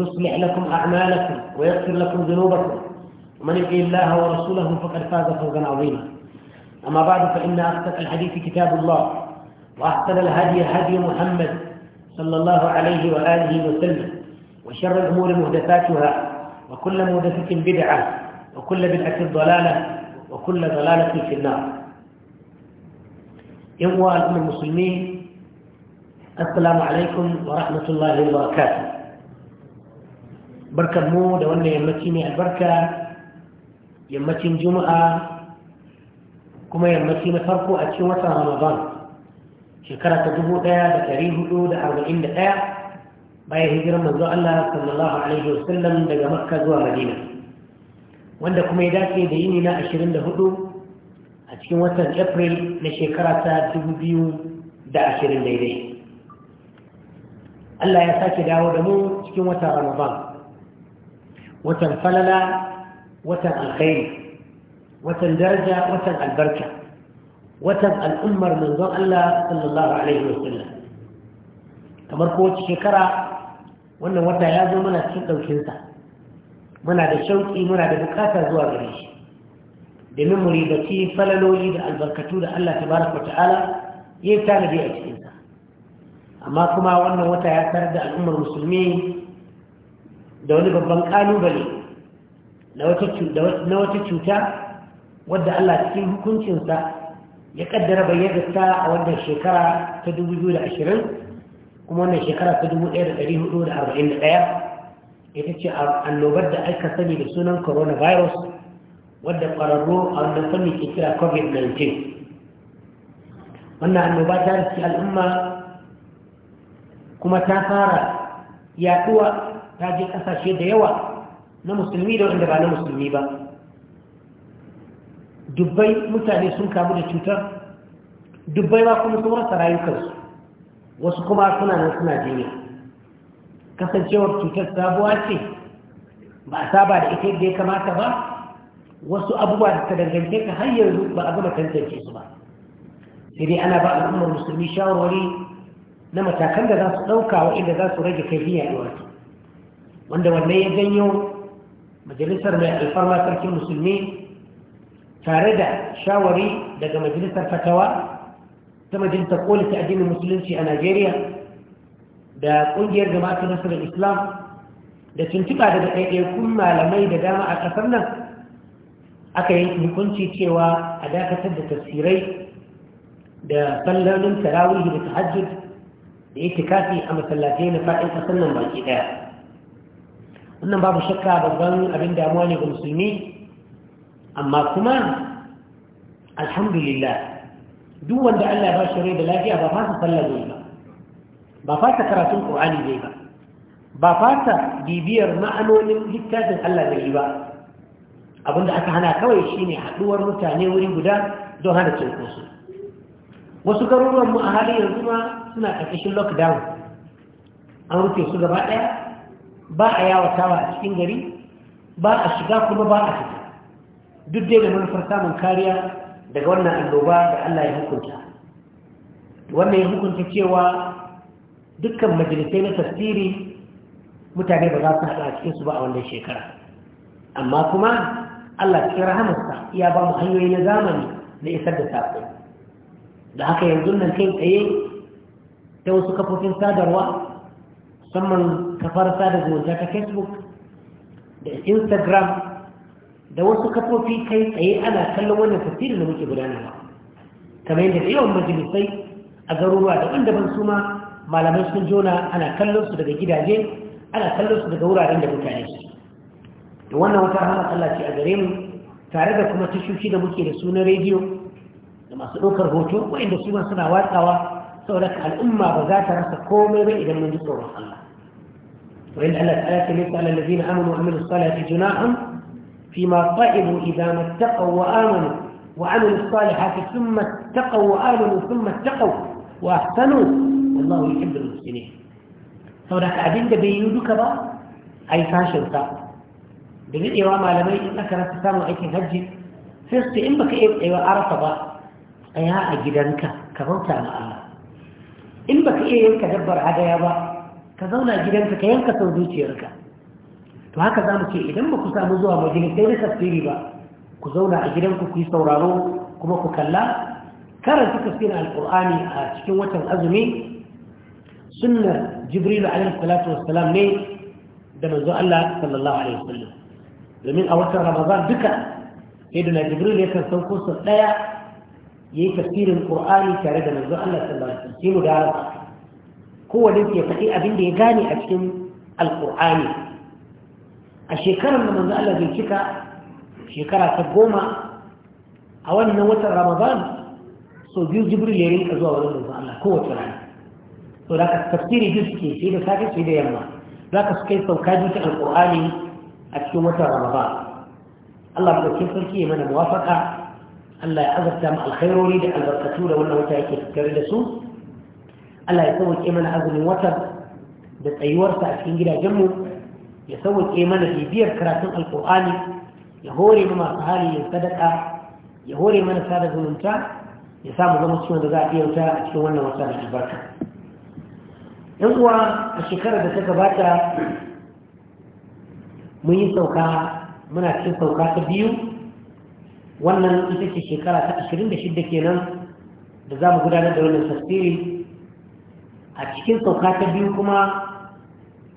يصلح لكم أعمالكم ويغفر لكم ذنوبكم ومن يطع الله ورسوله فقد فاز فوزا عظيما أما بعد فإن أصدق الحديث كتاب الله وأحسن الهدي هدي محمد صلى الله عليه وآله وسلم وشر الأمور مهدفاتها وكل مهدفة بدعة وكل بدعة ضلالة وكل ضلالة في النار يوم المسلمين السلام عليكم ورحمة الله وبركاته barkar mu da wannan yammaci mai albarka yammacin juma'a kuma yammaci na farko a cikin watan ramadan shekara ta dubu ɗaya da ɗari da arba'in da ɗaya bayan hijirar manzo Allah sallallahu alaihi wasallam daga makka zuwa madina wanda kuma ya dace da yini na ashirin da hudu a cikin watan april na shekara ta dubu biyu da ashirin daidai Allah ya sake dawo da mu cikin watan ramadan watan falala watan alkhairi watan daraja watan albarka watan al'ummar manzon Allah sallallahu alaihi wasallam kamar kowace shekara wannan wata ya zo mana cikin ɗaukinsa muna da shauƙi muna da bukata zuwa gare shi domin mu ribaci falaloli da albarkatu da Allah tabaraka ta'ala ya yi tanadi a cikinsa amma kuma wannan wata ya tarar da al'ummar musulmi da wani babban kalubale na wata cuta wadda Allah cikin hukuncinsa ya kaddara bayyanarsa a wannan shekara ta 2020 kuma wannan shekara ta 1441 ita ce annobar da aka sani da sunan coronavirus wadda ƙwararro a wannan fanni ke kira covid-19 wannan annoba ta riski al'umma kuma ta fara yaduwa ta je ƙasashe da yawa na musulmi da wanda ba na musulmi ba dubbai mutane sun kamu da cutar dubbai ba kuma sun rasa rayukansu wasu kuma suna nan suna jinya kasancewar cutar sabuwa ce ba a saba da ita da ya kamata ba wasu abubuwa da ta dangance ka har yanzu ba a gama tantance su ba sai dai ana ba al'ummar musulmi shawarwari na matakan da za su ɗauka wa inda za su rage kaifin yaɗuwarsu wanda wannan ya janyo majalisar mai alfarma sarkin musulmi tare da shawari daga majalisar fatawa ta majalisar koli ta addinin musulunci a najeriya da ƙungiyar jama'atu nasarar islam da tuntuba daga ɗaiɗaikun malamai da dama a ƙasar nan aka yi hukunci cewa a dakatar da tafsirai da sallolin tarawihi da hajji da yake kafi a masallatai na faɗin ƙasar nan baki ɗaya wannan babu shakka babban abin damuwa ne ga musulmi amma kuma alhamdulillah duk wanda Allah ya ba rai da lafiya ba fasa sallar ne ba ba fasa karatun Qur'ani ne ba ba fasa bibiyar ma'anonin littafin Allah ne ba abinda aka hana kawai shine haɗuwar mutane wuri guda don hana cinkoso wasu garuruwan mu a halin yanzu ma suna ƙarƙashin lockdown an rufe su gaba ɗaya ba a yawatawa a cikin gari ba a shiga kuma ba a fita duk dai da manufar samun kariya daga wannan annoba da Allah ya hukunta wannan ya hukunta cewa dukkan majalisai na tafsiri mutane ba za su haɗa a cikinsu ba a wannan shekara amma kuma Allah cikin rahamarsa ya ba mu hanyoyi na zamani na isar da saƙo da haka yanzu nan kai tsaye ta wasu kafofin sadarwa musamman kafar sada zumunta ta facebook da instagram da wasu kafofi kai tsaye ana kallon wannan tafiyar da muke gudanarwa kamar yadda yawan majalisai a garuruwa daban-daban su ma malamai sun jona ana kallon su daga gidaje ana kallon su daga wuraren da mutane su da wannan wata rahama Allah ce a gare mu tare da kuma tashoshi da muke da suna rediyo da masu ɗaukar hoto waɗanda su ma suna watsawa saboda al'umma ba za ta rasa komai ba idan mun ji tsoron Allah وإن على الآيات ليس على الذين آمنوا وعملوا الصالحات جناح فيما طعموا إذا ما اتقوا وآمنوا وعملوا الصالحات ثم اتقوا وآمنوا ثم اتقوا وأحسنوا والله يحب المحسنين. فورا كعبين دبيو دكبا أي فاشل تاب دبي إيوا ما لم يكنك رتسام وعيك هجي فيستي إنبك إيوا أرطبا أيها أجدانك كبوتا مع الله إنبك إيوا كدبر عدايا بقى ka zauna gidanka ka yanka sau zuciyarka to haka za mu ce idan ba ku samu zuwa sai na tafsiri ba ku zauna a gidanku ku yi sauraro kuma ku kalla karanta tafsirin alkur'ani a cikin watan azumi sunnar jibrilu alaihi salatu wassalam ne da manzo Allah sallallahu alaihi wasallam domin a watan ramadan duka sayyidina jibril ya san sauko sau daya yayi tasirin qur'ani tare da manzo Allah sallallahu alaihi wasallam sai mu da kowane ke faɗi abin da ya gane a cikin alƙur'ani a shekarar da manzo Allah zai cika shekara ta goma a wannan watan ramadan so biyu jibril ya rinka zuwa wurin manzo Allah kowace rana to da ka tafsiri biyu suke sai da safe sai da yamma za ka su kai sauka jikin alƙur'ani a cikin watan ramadan Allah ɗauki sarki ya mana muwafaka Allah ya azabta mu alkhairori da albarkatu da wannan wata yake tattare da su Allah ya sauke mana azumin watan da tsayuwarsa a cikin gidajenmu ya sauke mana bibiyar karatun alkur'ani ya hore mu masu hali ya sadaka ya hore mana sada zumunta ya samu zama ciwon da za a iya wuta a cikin wannan wata da albarka yan uwa a shekarar da ta gabata mun yi sauka muna cikin sauka ta biyu wannan ita ce shekara ta 26 kenan da za mu gudanar da wannan tasiri a cikin sauka ta biyu kuma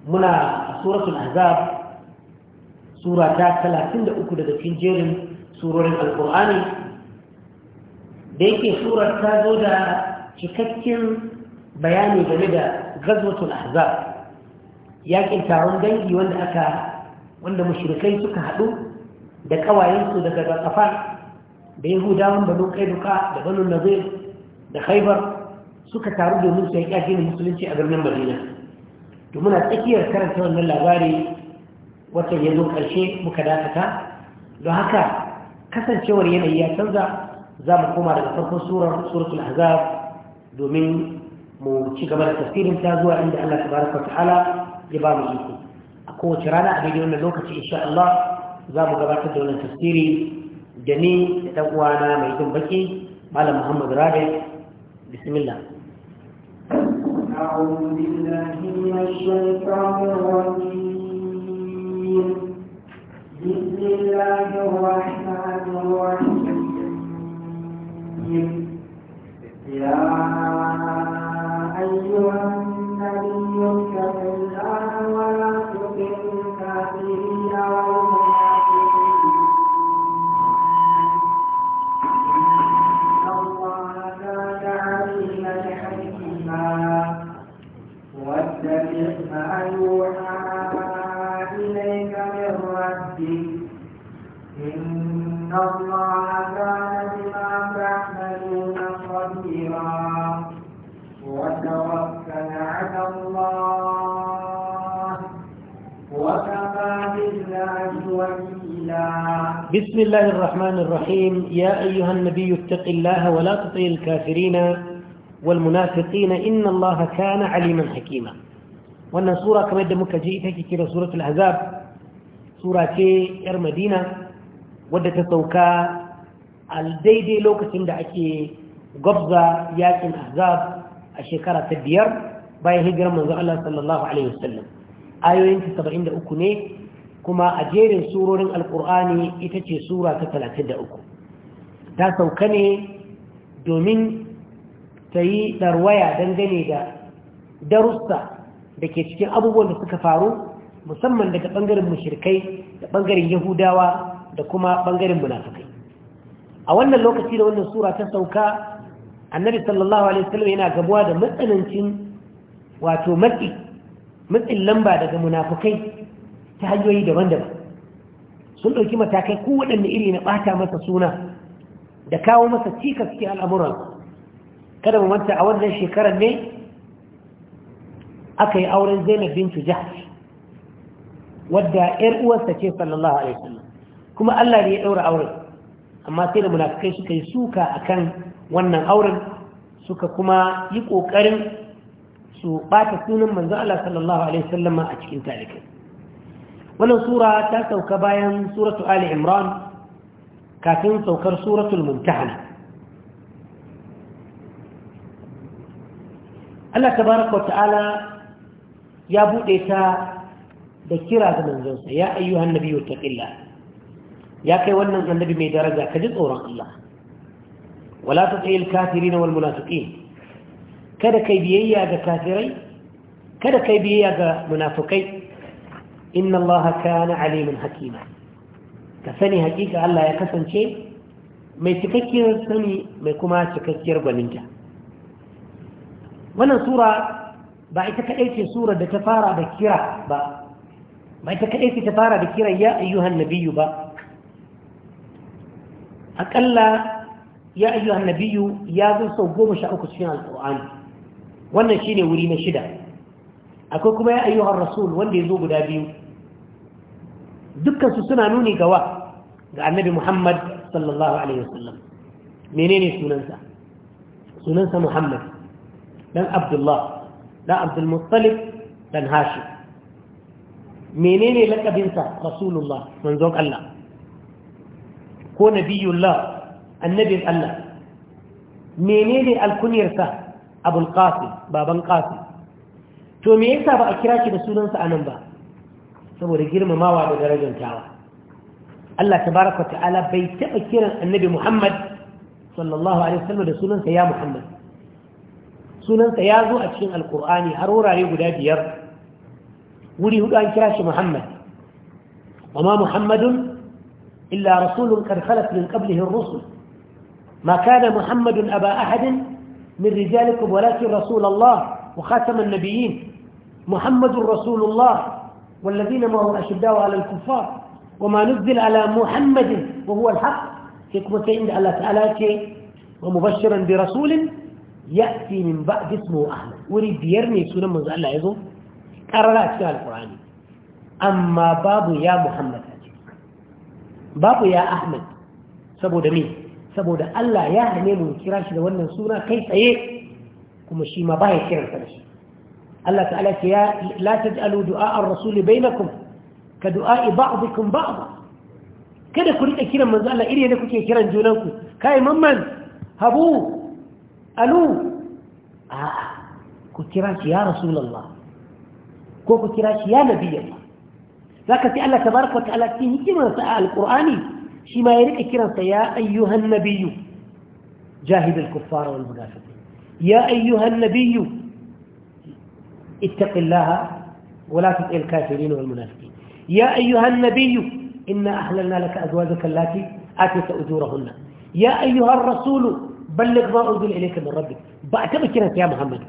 muna a suratul azab sura ta uku daga cikin jerin surorin alkur'ani da yake surar ta zo da cikakken bayani game da gazwatul azab yakin taron dangi wanda aka wanda mashirikai suka haɗu da ƙawayensu daga kafar da yahudawan banu nuka da banu nazir da khaibar suka taru domin su yanki addinin musulunci a birnin madina to muna tsakiyar karanta wannan labari wata ya zo ƙarshe muka dakata don haka kasancewar yanayi ya canza za mu koma daga farkon surar suratul azab domin mu ci gaba da tafsirin ta zuwa inda Allah tabaraka ta'ala ya ba mu iko a kowace rana a daidai wannan lokaci insha Allah za mu gabatar da wannan tafsiri da ni da ɗan uwana mai jin baki malam Muhammad Rabi bismillah أعوذ بالله من الشيطان الرجيم بسم الله الرحمن الرحيم يا أيها النبي يوحى إليك من ربك إن الله كان بما تعملون خبيرا وتوكل على الله وكفى بالله وكيلا بسم الله الرحمن الرحيم يا أيها النبي اتق الله ولا تطيع الكافرين والمنافقين إن الله كان عليما حكيما wannan sura kamar yadda muka ji ita kira suratul azab sura ce yar madina wadda ta sauka a daidai lokacin da ake gwabza yakin azab a shekara ta biyar bayan hijirar manzo Allah sallallahu alaihi wasallam ayoyin 73 ne kuma a jerin surorin alqur'ani ita ce sura ta 33 ta sauka ne domin ta yi darwaya dangane da darussa da ke cikin abubuwan da suka faru musamman daga ɓangaren mushirkai da ɓangaren yahudawa da kuma ɓangaren munafikai a wannan lokaci da wannan sura ta sauka annabi sallallahu alaihi wasallam yana gabuwa da matsanancin wato matsi matsin lamba daga munafikai ta hanyoyi daban-daban sun ɗauki matakai kowaɗanne iri na ɓata masa suna da kawo masa cikas ke al'amuran kada mu manta a wannan shekarar ne aka yi auren zainab bintu jahsh wadda yar uwarsa ce sallallahu alaihi wasallam kuma Allah ne ya daura auren amma sai da munafikai suka yi suka akan wannan auren suka kuma yi kokarin su bata sunan manzo Allah sallallahu alaihi wasallam a cikin talikai wannan sura ta sauka bayan suratu ali imran kafin saukar suratul mumtahana Allah tabaraka wa ta'ala ya buɗe ta da kira ga manzansa ya ayyuhan nabiyyu taqilla ya kai wannan annabi mai daraja ka ji tsoron Allah wala tuti'il kafirin wal munafiqin kada kai biyayya ga kafirai kada kai biyayya ga munafikai inna Allah kana aliman hakima ka sani hakika Allah ya kasance mai cikakkiyar sani mai kuma cikakkiyar gwaninta wannan sura ba ita kaɗai ce sura da ta fara da kira ba ba ita kaɗai ce ta fara da kira ya ayyuhan nabiyu ba aƙalla ya ayyuhan nabiyu ya zo sau goma sha uku cikin alƙur'ani wannan shine wuri na shida akwai kuma ya ayyuhan rasul wanda ya zo guda biyu dukkansu suna nuni ga wa ga annabi muhammad sallallahu alaihi wasallam menene sunansa sunansa muhammad dan abdullah na abdulmuttalib dan hashi menene lakabinsa rasulullah manzon Allah ko nabiyullah annabin Allah menene alkuniyarsa abul qasim baban qasim to me yasa ba a kira shi da sunansa anan ba saboda girmamawa da darajantawa Allah tabaraka ta'ala bai taba kiran annabi Muhammad sallallahu alaihi wasallam da sunansa ya Muhammad sunansa ya zo a cikin alkur'ani har wurare guda biyar wuri hudu an kira shi muhammad amma muhammadun illa rasulun kad khalat min qablihi ar-rusul ma kana muhammadun aba ahadin min rijalikum walakin rasul allah wa khatam an-nabiyyin muhammadur rasulullah والذين معه أشداء على الكفار وما نزل على محمد وهو الحق حكمتين الله تعالى ومبشرا برسول ya'ti min ba'd ismu ahmad wuri biyar ne sunan manzo Allah yazo karara cikin alqur'ani amma babu ya muhammad babu ya ahmad saboda me saboda Allah ya hane mu kira shi da wannan suna kai tsaye kuma shi ma baya kiransa da shi Allah ta'ala ce ya la taj'alu du'a ar-rasul bainakum ka du'a ba'dikum ba'd kada ku rika kiran manzo Allah iri da kuke kiran junanku kai mamman habu ألو آه كنت راش يا رسول الله كنت راش يا نبي الله لكن تألا تبارك وتعالى فيه كما تألا القرآني شما يريك كرام يا أيها النبي جاهد الكفار والمنافقين يا أيها النبي اتق الله ولا تطع الكافرين والمنافقين يا أيها النبي إن أحللنا لك أزواجك التي آتيت أجورهن يا أيها الرسول ballag ma unzila ilayka min rabbik ba a taba kiransa ya muhammad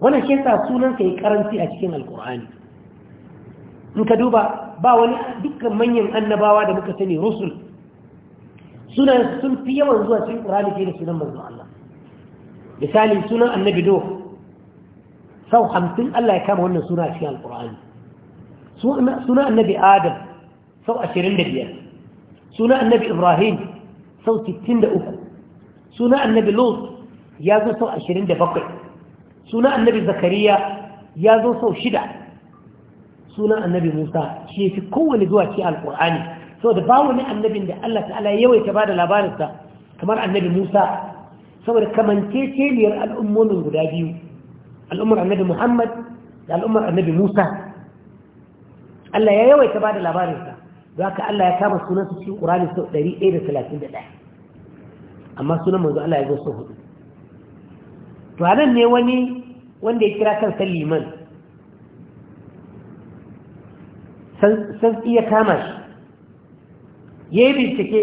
wannan shi yasa sunansa ya karanci a cikin alqur'ani in ka duba ba wani dukkan manyan annabawa da muka sani rusul sunan sun fi yawan zuwa cikin qur'ani fiye da sunan manzon Allah misali sunan annabi do sau hamsin Allah ya kama wannan suna a cikin alqur'ani sunan annabi adam sau ashirin da biyar sunan annabi ibrahim sau sittin da uku suna annabi lot ya zo sau ashirin da bakwai suna annabi zakariya ya zo sau shida suna annabi musa shi fi kowane zuwa ce alkur'ani sau da bawo ne annabin da allah ta'ala yawaita ba da labarinsa kamar annabi musa saboda kamanceceniyar al'ummomin guda biyu al'ummar annabi muhammad da al'ummar annabi musa allah ya yawaita ba da labarinsa da haka allah ya kama sunansa cikin ƙurani sau 131 amma sunan manzo Allah ya zo su hudu to anan ne wani wanda ya kira kansa liman san iya kama shi ya yi bincike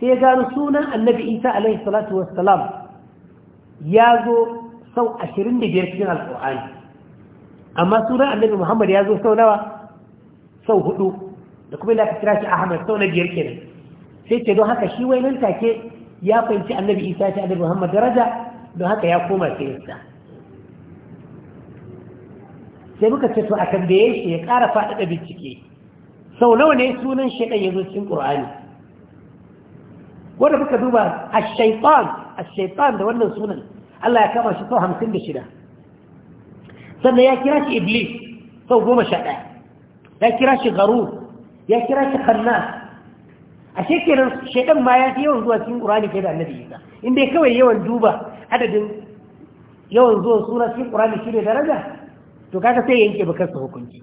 sai ya gano sunan annabi isa alaihi salatu wassalam ya zo sau ashirin da biyar cikin alƙur'ani amma sunan annabi muhammad ya zo sau nawa sau hudu da kuma da aka kira shi ahmad sau na biyar kenan sai ce don haka shi wai nan take ya fahimci annabi isa ta annabi muhammad daraja don haka ya koma kirista sai muka ce to a tambaye shi ya ƙara faɗaɗa bincike sau nawa ne sunan shaidan ya zo cikin ƙur'ani wanda muka duba a shaitan a shaitan da wannan sunan Allah ya kama shi sau hamsin da shida sannan ya kira shi iblis sau goma sha ɗaya ya kira shi garu ya kira shi kanna a shekarar shaidan ma ya fi yawan zuwa cikin ƙurani ke da annabi isa in dai kawai yawan duba adadin yawan zuwa sura cikin ƙurani shi ne daraja to kaga sai yanke bakar sa hukunci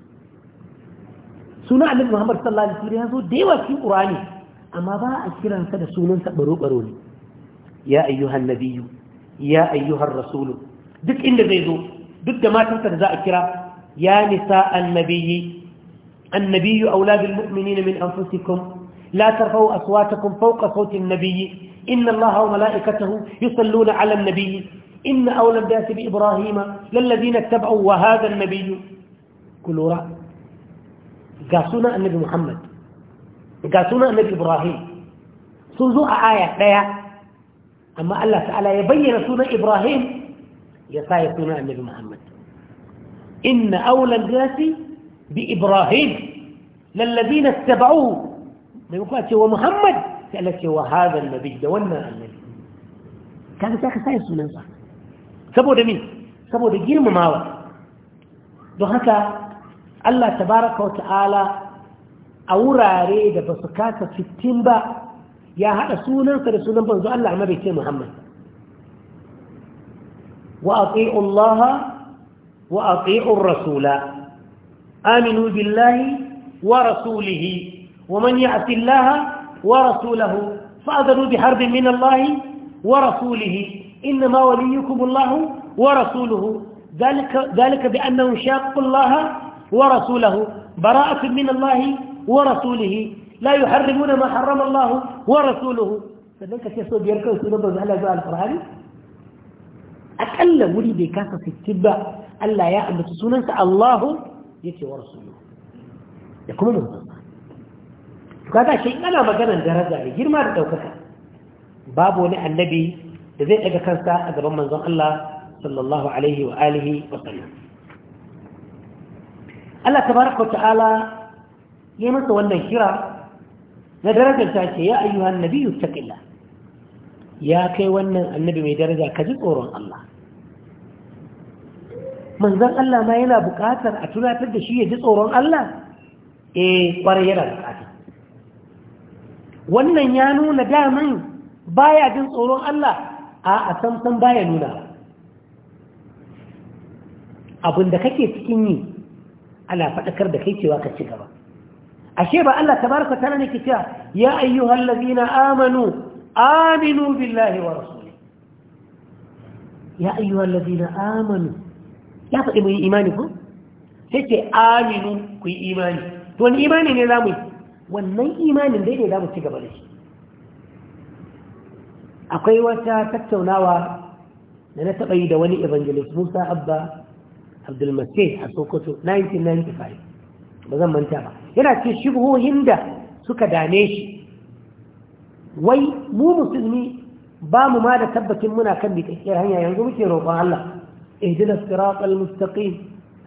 Suna annabi muhammad sallallahu alaihi wasallam ya zo da yawa cikin ƙurani amma ba a kiransa da sunansa baro-baro ne ya ayyuhan nabiyyu ya ayyuhan rasulu duk inda zai zo duk da matansa da za a kira ya nisa annabiyyi annabiyyu auladul mu'minina min anfusikum لا ترفعوا أصواتكم فوق صوت النبي إن الله وملائكته يصلون على النبي إن أولى الناس بإبراهيم للذين اتبعوا وهذا النبي كلوا رأى قاسونا النبي محمد قاسونا النبي إبراهيم سنزوء آية ديا أما الله تعالى يبين سنة إبراهيم يسايا سنة النبي محمد إن أولى الناس بإبراهيم للذين اتبعوه mai a cewa muhammad sai Allah ce wa nabi da wannan annabi kaga sai ka sai sunansa saboda min saboda girmamawa don haka Allah tabaraka wa ta'ala a wurare da ba su kasa fitin ba ya haɗa sunansa da sunan banzu Allah amma bai ce Muhammad wa Allah wa Rasula aminu billahi wa rasulihi ومن يعص الله ورسوله فأذنوا بحرب من الله ورسوله إنما وليكم الله ورسوله ذلك, ذلك بأنهم شاقوا الله ورسوله براءة من الله ورسوله لا يحرمون ما حرم الله ورسوله فذلك كيسو بيركو سنبه على جوال القرآن أكل ولي بكاسة التبع ألا يعبد سننس الله يتي ورسوله يقولون منتصر kaga shi ana maganar daraja ne girma da daukaka babu wani annabi da zai daga kansa a gaban manzon Allah sallallahu alaihi wa alihi wa sallam Allah tabaraka ta'ala ya masa wannan kira na darajar ta ce ya ayyuhan nabiyyu taqilla ya kai wannan annabi mai daraja ka ji tsoron Allah manzon Allah ma yana buƙatar a tunatar da shi ya ji tsoron Allah eh kwarai yana buƙatar wannan ya nuna daman baya jin tsoron Allah a a samsan baya nuna abinda kake cikin yi ala faɗakar da kai cewa ka ci gaba ashe ba Allah tabaraka tana ne ke cewa ya ayyuhal ladina amanu aminu billahi wa rasuli ya ayyuhal ladina amanu ya faɗi mu yi imani ku sai ce aminu ku yi imani to wani imani ne za mu yi wannan imanin daidai za mu ci gaba da shi akwai wata tattaunawa da na taɓa yi da wani evangelist musa abba abdulmasih a sokoto 1995 ba zan manta ba yana ce shubhohin da suka dame shi wai mu musulmi ba mu ma da tabbacin muna kan bitakkiyar hanya yanzu muke roƙon allah ihdina siratal mustaqim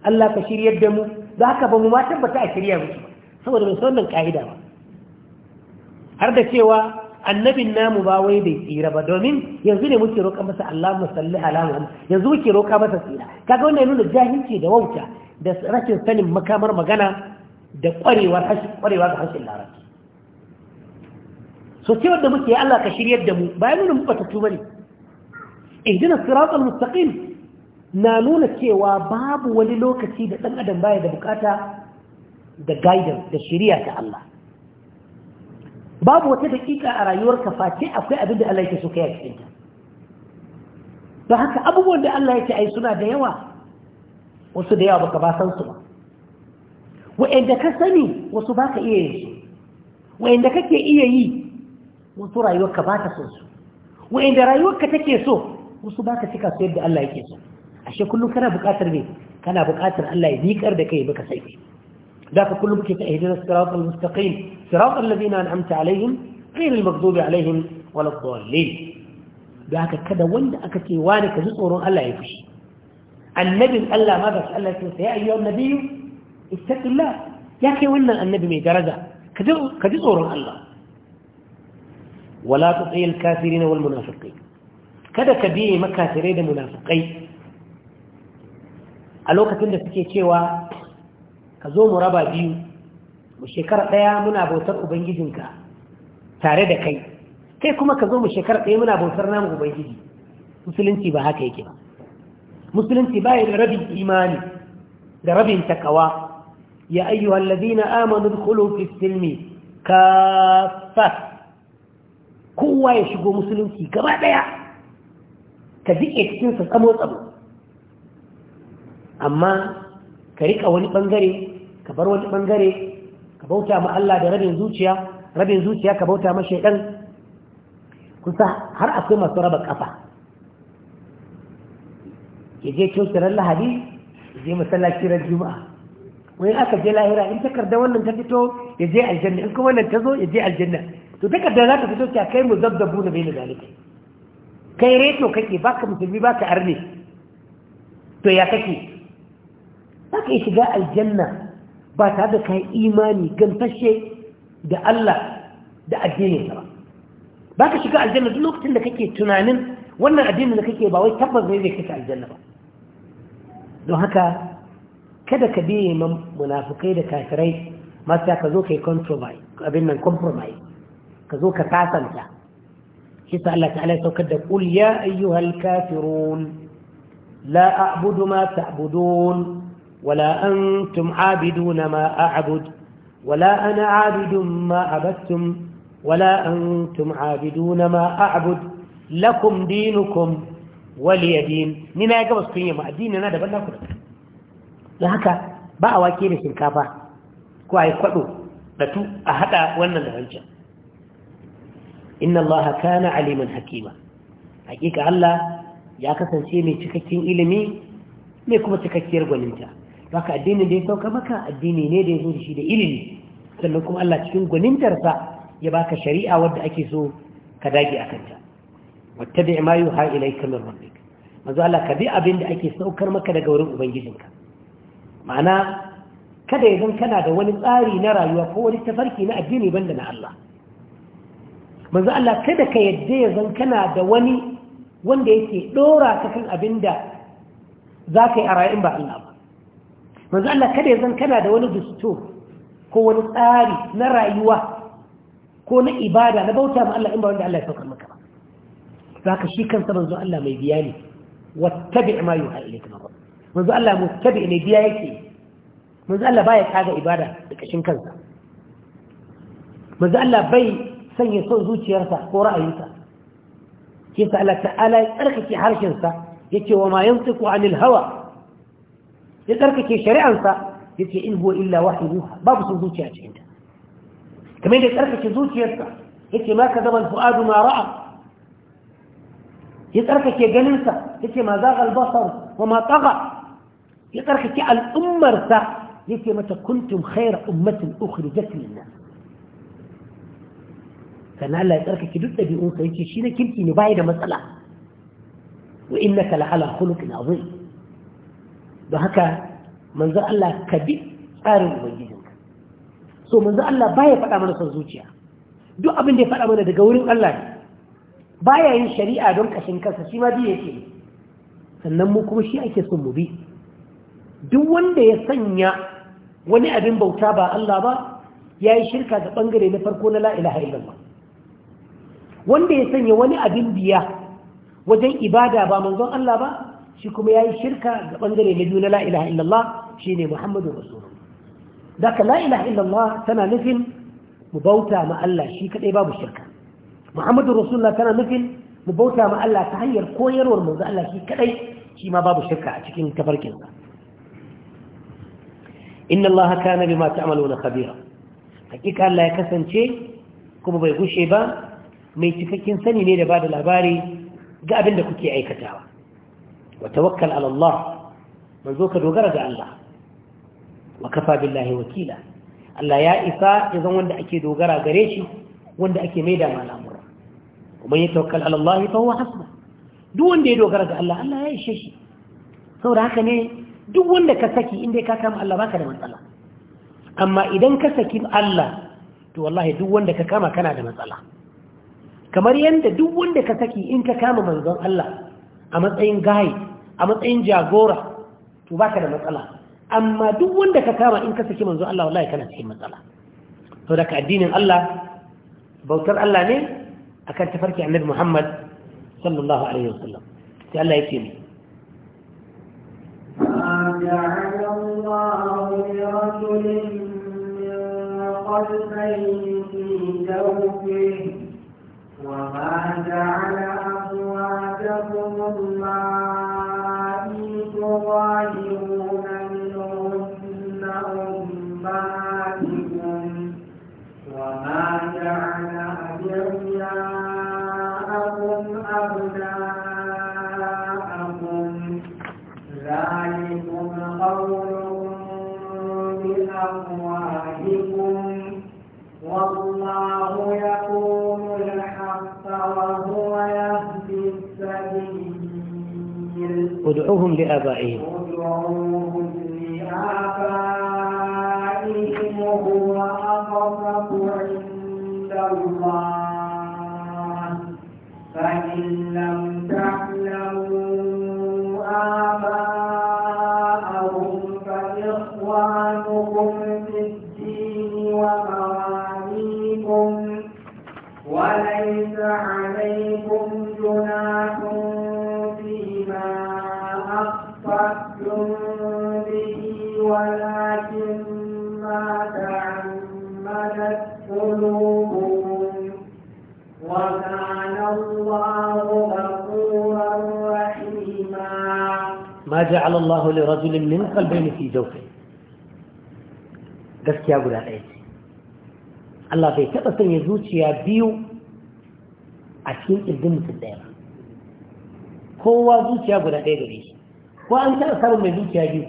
allah ka shiryar da mu za ka ba mu ma tabbata a shirya muke ba saboda bai san wannan ka'ida ba har da cewa annabin namu ba wai bai tsira ba domin yanzu ne muke roƙa masa Allah musalli ala yanzu muke roƙa masa tsira kaga wannan nuna jahilci da wauta da rashin sanin makamar magana da ƙwarewar ƙwarewa ga harshen larabci so cewar da muke Allah ka shirya da mu bayan nuna muka tattu tuba ne ihdina siratal mustaqim na nuna cewa babu wani lokaci da ɗan adam baya da bukata da guidance da shiriya ta Allah babu wata dakika a rayuwarka face akwai abin da Allah yake so kai a cikin ta don haka abubuwan da Allah yake ai suna da yawa wasu da yawa baka ba san su ba wa'anda ka sani wasu baka iya yin su wa'anda kake iya yi wasu rayuwarka ba ta son su wa'anda rayuwarka take so wasu baka cika su yadda Allah yake so ashe kullum kana buƙatar ne kana buƙatar Allah ya miƙar da kai baka sai ذاك كله بكيت اهدنا الصراط المستقيم صراط الذين أنعمت عليهم غير المغضوب عليهم ولا الضالين ذاك كذا وين أكتي وانا كزور ألا يفشي النبي ألا ماذا سألت يا أيها النبي اتق الله يا كي وين النبي من درجة كزور الله ولا تطيع الكافرين والمنافقين كذا كبيه مكافرين منافقين a lokacin da suke cewa ka zo mu raba biyu mu shekara ɗaya muna bautar ubangijinka tare da kai kai kuma ka zo mu shekara ɗaya muna bautar namu ubangiji musulunci ba haka yake ba musulunci ba da rabin imani da rabin takawa ya ayyuhal ladina amanu dkhulu Kristilmi, ka kaffat kowa ya shigo musulunci gaba ɗaya ka jike cikinsa tsamo-tsamo amma ka riƙa wani ɓangare ka bar wani bangare ka bauta ma Allah da rabin zuciya rabin zuciya ka bauta ma shaidan kusa har akwai masu raba kafa ya je kyautar lahadi ya je masallaci ran juma'a wani aka je lahira in takarda wannan ta fito ya je aljanna in kuma wannan ta zo ya je aljanna to takarda za ta fito ta kai mu zabdabu na bai da kai reto kake baka musulmi baka arne to ya kake za ka yi shiga aljanna ba tare da kai imani gamsashe da Allah da addinin ba ba ka shiga aljanna duk lokacin da kake tunanin wannan addinin da kake ba wai tabbas zai kake aljanna ba don haka kada ka biye munafukai da kafirai masu ka zo kai compromise abin nan compromise ka zo ka tasanta. shi ta Allah ta'ala saukar da qul ya ayyuhal kafirun la a'budu ma ta'budun ولا أنتم عابدون ما أعبد ولا أنا عابد ما عبدتم ولا أنتم عابدون ما أعبد لكم دينكم ولي دين نينا يا جبس كنيا ما ديننا دبل لكم لهكا ba a wake da shinkafa ko ayi yi kwado da tu a haɗa wannan da wancan inna allaha kana hakima hakika allah ya kasance mai cikakken ilimi mai kuma cikakkiyar gwaninta baka addinin da ya sauka maka addini ne da ya zo shi da ilimi sannan kuma Allah cikin gwanintarsa ya baka shari'a wadda ake so ka dage a kanta wattabi ma yuha ilayka min rabbik manzo Allah ka bi abin da ake saukar maka daga wurin ubangijinka ma'ana kada ya zan kana da wani tsari na rayuwa ko wani tafarki na addini banda na Allah manzo Allah kada ka yadda ya zan kana da wani wanda yake dora ka kan abin da za ka yi a rayuwar ba Allah ba Manzu Allah kada ya zan kana da wani dusto ko wani tsari na rayuwa ko na ibada na bauta ma Allah in ba wanda Allah ya saukar maka ba ka shi kansa manzo Allah mai biya ne wattabi' ma yuha ilayka min rabb Manzu Allah muttabi' ne biya yake Manzu Allah baya kaga ibada da kashin kansa Manzu Allah bai sanya son zuciyarsa ko ra'ayinsa kisa Allah ta'ala ya tsarkake harshensa yake wa ma yantiqu anil hawa يترك كي شريعة أنت يكي إن هو إلا وحي نوحى باب سوزوتي أجهد كما يترك كي زوتي أنت يكي ما كذب الفؤاد ما رأى يترك كي جلسة يكي ما زاغ البصر وما طغى يترك كي الأمة رسى يكي متى كنتم خير أمة أخرى جسل الناس فنالا يترك كي دلت بأنسى يكي شينا كنتي نبايد مسألة وإنك لعلى خلق عظيم don haka manzo Allah ka bi tsarin ubangijinka so manzo Allah baya faɗa mana son zuciya duk abin da ya faɗa mana daga wurin Allah ne baya yin shari'a don kashin kansa shi ma biye yake sannan mu kuma shi ake son mu bi duk wanda ya sanya wani abin bauta ba Allah ba ya yi shirka ga bangare na farko na la'ila la'ilaha ba wanda ya sanya wani abin biya wajen ibada ba manzon Allah ba shi kuma ya yi shirka ga ɓangare na juna la'ilaha illallah shi ne muhammadu rasulullah da la'ilaha illallah tana nufin mu bauta ma shi kaɗai babu shirka muhammadu rasulullah tana nufin mu bauta ma Allah ta hanyar koyarwar manzo Allah shi kaɗai shi ma babu shirka a cikin tafarkinsa inna Allah kana bima na khabira hakika Allah ya kasance kuma bai gushe ba mai cikakken sani ne da ba da labari ga abin da kuke aikatawa wa tawakkal ala Allah manzo ka dogara ga Allah wa kafa wakila Allah ya isa ya zan wanda ake dogara gare wanda ake maida ma al'amura kuma ya tawakkal ala Allah fa duk wanda ya dogara ga Allah Allah ya ishe shi saboda haka ne duk wanda ka saki inda ka kama Allah baka da matsala amma idan ka saki Allah to wallahi duk wanda ka kama kana da matsala kamar yadda duk wanda ka saki in ka kama manzon Allah a matsayin gaye a matsayin jagora to baka da matsala amma duk wanda ka kama in ka saki manzo Allah wallahi kana cikin matsala to daga addinin Allah bautar Allah ne akan tafarki annabi Muhammad sallallahu alaihi wasallam sai Allah yake ni جعل الله لرجل من قلبين في جوفه وما جعل أزواجكم اللائي تظاهرون منهن أمهاتكم وما جعل أدعياءكم أبناءكم ذلكم قولكم بأموالكم والله يقول وهو يهدي السبيل ادعوهم لآبائهم ادعوهم لآبائهم وهو أقرب عند الله فإن لم تعلموا آباءهم فإخوانكم في الدين وما عليكم جناح فيما أخطأتم به ولكن ما تعمدت قلوبكم وكان الله غفورا رحيما ما جعل الله لرجل من قلبين في جوفه gaskiya guda ɗaya ce Allah bai taɓa sanya zuciya biyu a cikin ƙirgin mutum ɗaya kowa zuciya guda ɗaya gare shi ko an taɓa samun mai zuciya biyu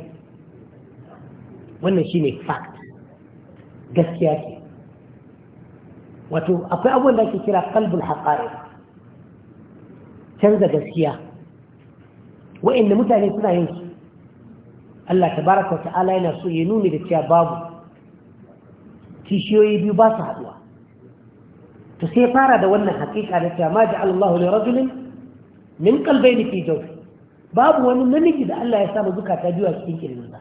wannan shine fact gaskiya ce wato akwai abubuwan da ake kira kalbul haƙari canza gaskiya da mutane suna yin su Allah tabaraka ta'ala yana so ya nuni da cewa babu kishiyoyi biyu ba su haɗu to sai fara da wannan hakika da cewa ma ja'ala Allahu li rajulin min qalbayni fi jawfi babu wani namiji da Allah ya samu zukata biyu a cikin kirjin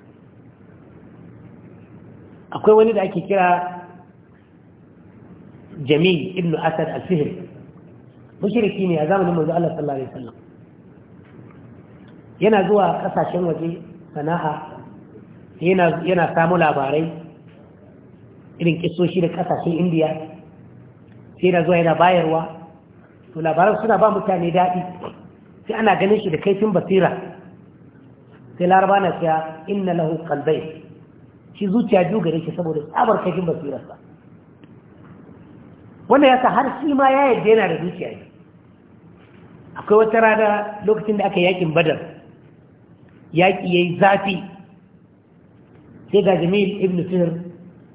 akwai wani da ake kira Jami' ibn Asad al-Fihri mushriki ne a zamanin manzo Allah sallallahu alaihi wasallam yana zuwa kasashen waje sana'a yana yana samu labarai irin kisoshi da kasashen Indiya yana zuwa yana bayarwa to labaran suna ba mutane daɗi sai ana ganin shi da kaifin basira sai laraba na siya inna lahu kalbai shi zuciya biyu gare shi saboda tsabar kaifin basirarsa wannan sa har shi ma ya yadda yana da zuciya yi akwai wata rana lokacin da aka yakin badar yaƙi yayi zafi sai ga jami'in ibn sir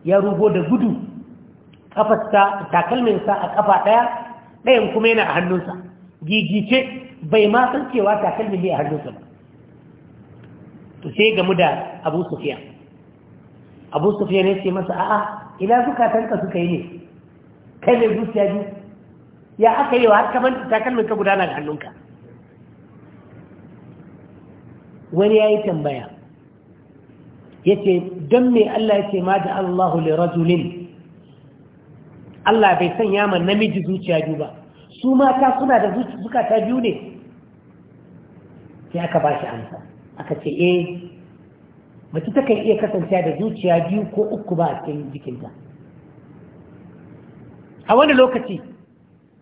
ya rugo da gudu kafarsa takalminsa a kafa ɗaya ɗayan kuma yana a hannunsa gigice bai ma san cewa takalmin ne a hannunsa ba to sai gamu da abu sufiya abu sufiya ne ce masa a'a ina tanka suka yi ne kai mai zuciya ji ya aka yi wa har takalmin ka gudana da hannunka wani ya yi tambaya ya ce don me Allah ya ce ma da Allah le rajulin Allah bai sanya ma namiji zuciya biyu ba su mata suna da zukata biyu ne sai aka ba shi amsa aka ce eh mace takan iya kasancewa da zuciya biyu ko uku ba a cikin jikinta a wani lokaci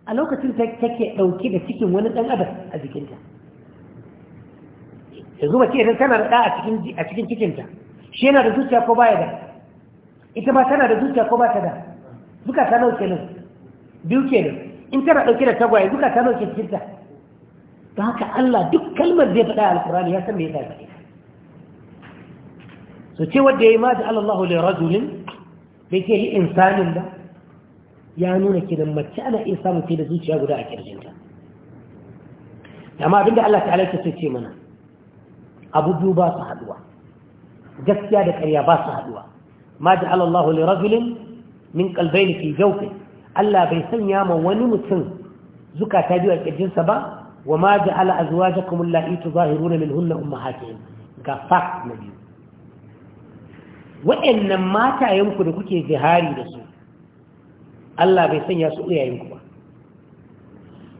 a lokacin take ɗauke da cikin wani dan adam a jikinta yanzu mace idan tana da ɗa a cikin cikinta shi yana da zuciya ko baya da ita ba tana da zuciya ko ba ta da Zuka ta nawa kenan biyu kenan in tana ɗauke da tagwaye zuka ta nawa ke cikinta don haka Allah duk kalmar zai ya faɗa Alƙur'ani ya san me yasa faɗi so ce wanda ya yi ma da Allah le rajulin bai ke yi insanin ba ya nuna kiran mace ana iya samun ke da zuciya guda a kirjinta amma abinda Allah ta'ala ya ce mana abu biyu ba su haduwa gaskiya da ƙarya ba su haduwa ma da Allah le rajulin min qalbayni ke jawfi Allah bai sanya ma wani mutum zukata biyu a ƙirjinsa ba wa ma ja'ala azwajakum allati tuzahiruna minhunna ummahatuhum ga fak na biyu waɗannan matayenku da kuke zihari da su Allah bai sanya su iyayenku ba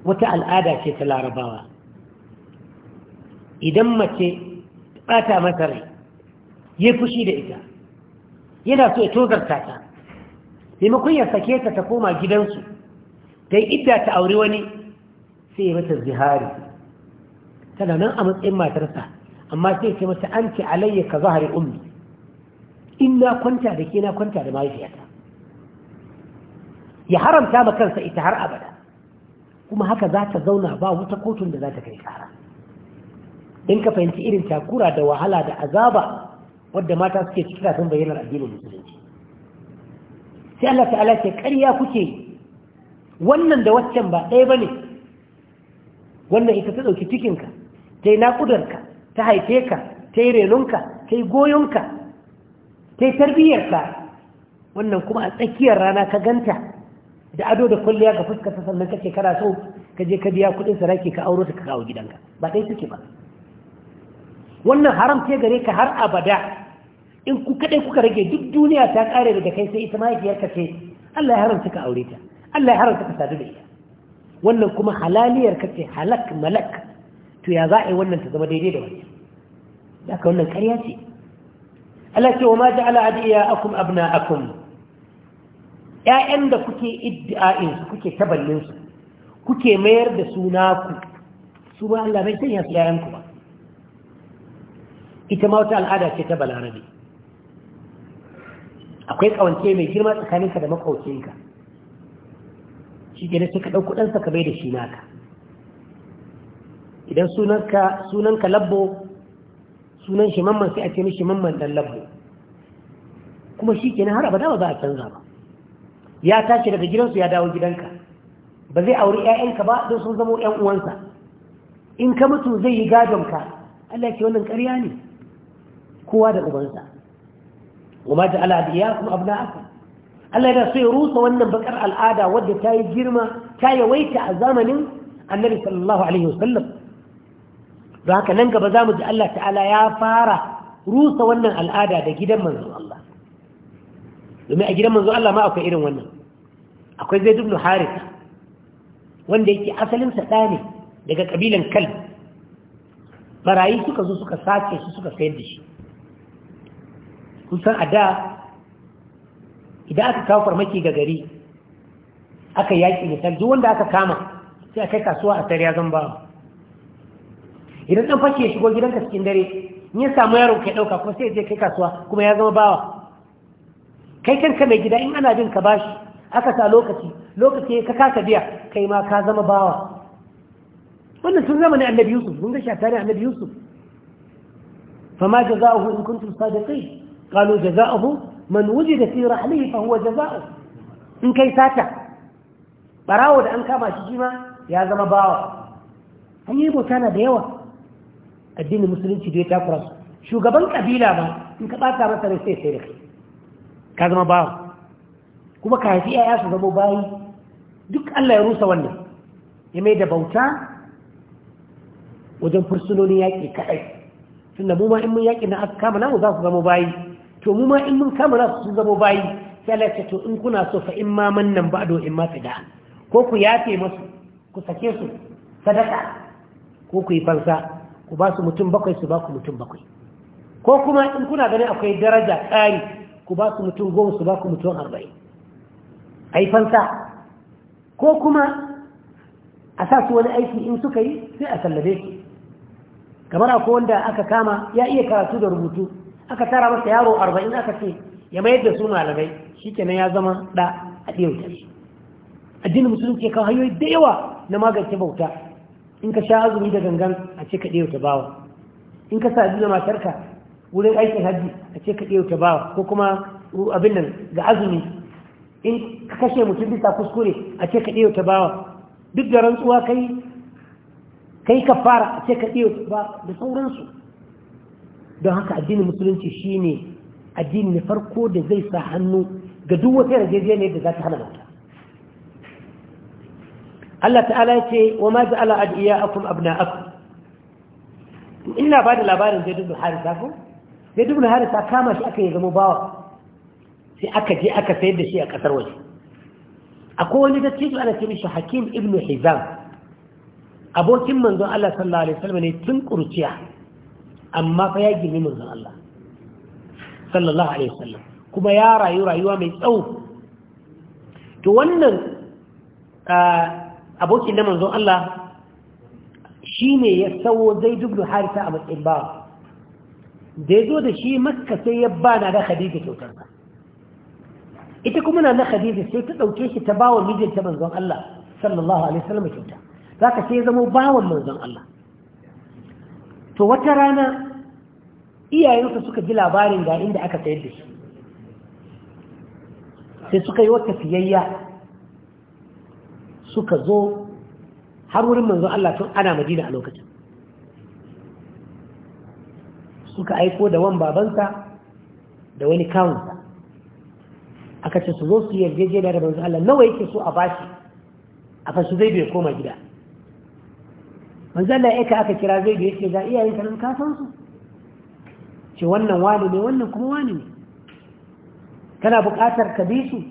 wata al'ada ce ta larabawa idan mace ɓata mata rai ya fushi da ita yana so ya tozarta ta maimakon ya sake ta ta koma gidansu ta yi idda ta auri wani sai ya mata zihari tana nan a matsayin matarsa amma sai ce mata an ce alayya ka zahari ummi in na kwanta da ke na kwanta da mahaifiyata ya haramta ma kansa ita har abada kuma haka za ta zauna ba wuta kotun da za ta kai kara in ka fahimci irin takura da wahala da azaba wadda mata suke cikin sun bayyanar addinin musulunci sai Allah ta'ala ce ƙarya kuke wannan da waccan ba ɗaya ba wannan ita ta ɗauki cikinka ta yi naƙudarka ta haife ka ta yi renunka ta yi goyonka ta yi tarbiyyarka wannan kuma a tsakiyar rana ka ganta da ado da kwalliya ga fuska ta sannan kake kara so ka je ka biya kuɗin saraki ka auro ta ka kawo gidanka ba ɗaya suke ba wannan haram ce gare ka har abada in ku kaɗai kuka rage duk duniya ta ƙare daga kai sai ita mahaifiyarka ce Allah ya haramta ka aure ta Allah ya haramta ka sadu da ita wannan kuma halaliyar ka ce halak malak to ya za a yi wannan ta zama daidai da wani, da ka wannan ƙarya ce Allah ce wa ma ja'ala adiyakum abna'akum ƴaƴan da kuke iddi'a'in su kuke taballin su kuke mayar da suna ku su ba Allah bai sanya su ƴaƴan ku ba ita ma wata al'ada ce ta balarabe akwai kawance mai girma tsakaninka da makaucinka shi ke sai ka ɗauku ɗansa ka bai da shi naka idan sunanka labbo sunan shi mamman sai a ce mishi mamman ɗan labbo kuma shi ke har abada ba za a canza ba ya tashi daga gidansu ya dawo gidanka ba zai auri 'ya'yanka ba don sun zama 'yan uwansa in ka mutu zai yi gadonka Allah ke wannan ƙarya ne kowa da ubansa وما جعل أدعياءكم أبناءكم Allah yana so ya rusa wannan baƙar al'ada wadda ta yi girma ta yawaita a zamanin annabi sallallahu alaihi wasallam don haka nan gaba za mu ji Allah ta'ala ya fara rusa wannan al'ada da gidan manzon Allah domin a gidan manzon Allah ma akwai irin wannan akwai zai dubnu harith wanda yake asalin sa ne daga kabilan kal barayi suka zo suka sace su suka sayar da shi kusan a da idan aka kawo farmaki ga gari aka yaƙi misal duk wanda aka kama sai a kai kasuwa a ya zan bawa idan ɗan fashe ya shigo gidanka cikin dare in ya samu yaro kai ɗauka kuma sai ya je kai kasuwa kuma ya zama bawa kai kanka mai gida in ana bin ka bashi aka sa lokaci lokaci ka kasa biya kai ma ka zama bawa wannan sun zama ne annabi yusuf mun ga shatare annabi yusuf ma jaza'uhu in kuntum sadiqin قالوا جزاؤه من وجد في رحله فهو جزاؤه in kai sata barawo da an kama shi jima ya zama bawa an yi bauta na da yawa addinin musulunci da ya takura su shugaban kabila ba in ka ɓata masa rai sai sai da kai ka zama bawa kuma ka haifi yaya su zama bayi duk allah ya rusa wannan ya mai da bauta wajen fursunonin yaƙi kaɗai tunda mu in mun yaƙi na aka kama namu za ku zama bayi to mu ma in mun kama nasu su zama bayi sai ce to in kuna so fa in ma man ba do, in ma fida ko ku yafe masu ku sake su sadaka ko ku yi fansa ku ba su mutum bakwai su ba ku mutum bakwai ko kuma in kuna ganin akwai daraja tsari, ku ba su mutum goma su ba ku mutum arba'in a yi fansa ko kuma a sa su wani aiki in suka yi sai a sallabe su kamar akwai wanda aka kama ya iya karatu da rubutu aka tara masa yaro arba'in aka ce ya mayar da su malamai shi kenan ya zama ɗa a ɗiyauta shi addinin musulunci ke kawo hanyoyi da yawa na magance bauta in ka sha azumi da gangan a ce ka ɗiyauta bawa in ka sa da matarka wurin aikin hajji a ce ka ɗiyauta bawa ko kuma abin nan ga azumi in ka kashe mutum bisa kuskure a ce ka ɗiyauta bawa duk da rantsuwa kai kai kafara a ce ka ɗiyauta bawa da sauransu don haka addinin musulunci shine addini na farko da zai sa hannu ga duk wata yarjejeniyar da za ta hana mata Allah ta'ala ya ce wa ma ja'ala adiyakum abna'akum ina ba da labarin zai dubu harisa ko zai dubu harisa kama shi aka yi zama bawa sai aka je aka sayar da shi a kasar waje akwai wani dattijo ana ce mishi hakim ibn hizam abokin manzon Allah sallallahu alaihi wasallam ne tun kurciya amma fa ya girmi manzon Allah sallallahu alaihi wasallam kuma ya rayu rayuwa mai tsawo to wannan abokin na manzon Allah shine ya sawo Zaid ibn Haritha a matsayin ba. da zo da shi Makka sai ya ba na da khadija kyautarsa ita kuma na na khadija sai ta ɗauke shi ta bawa mijinta manzon Allah sallallahu alaihi wasallam kyauta zaka sai ya zama bawan manzon Allah to wata rana iyayensa suka ji labarin ga inda aka sayar da shi sai suka yi wata fiyayya suka zo har wurin manzo Allah tun ana madina a lokacin suka aiko da wan babansa da wani kawunsa aka ce su zo su yarjejeniya da manzo Allah nawa yake so a bashi a fashi zai bai koma gida manzala ya aka kira zai da yake yin iyayen sanin kasansu ce wannan wani ne wannan kuma wani ne kana buƙatar ka bi su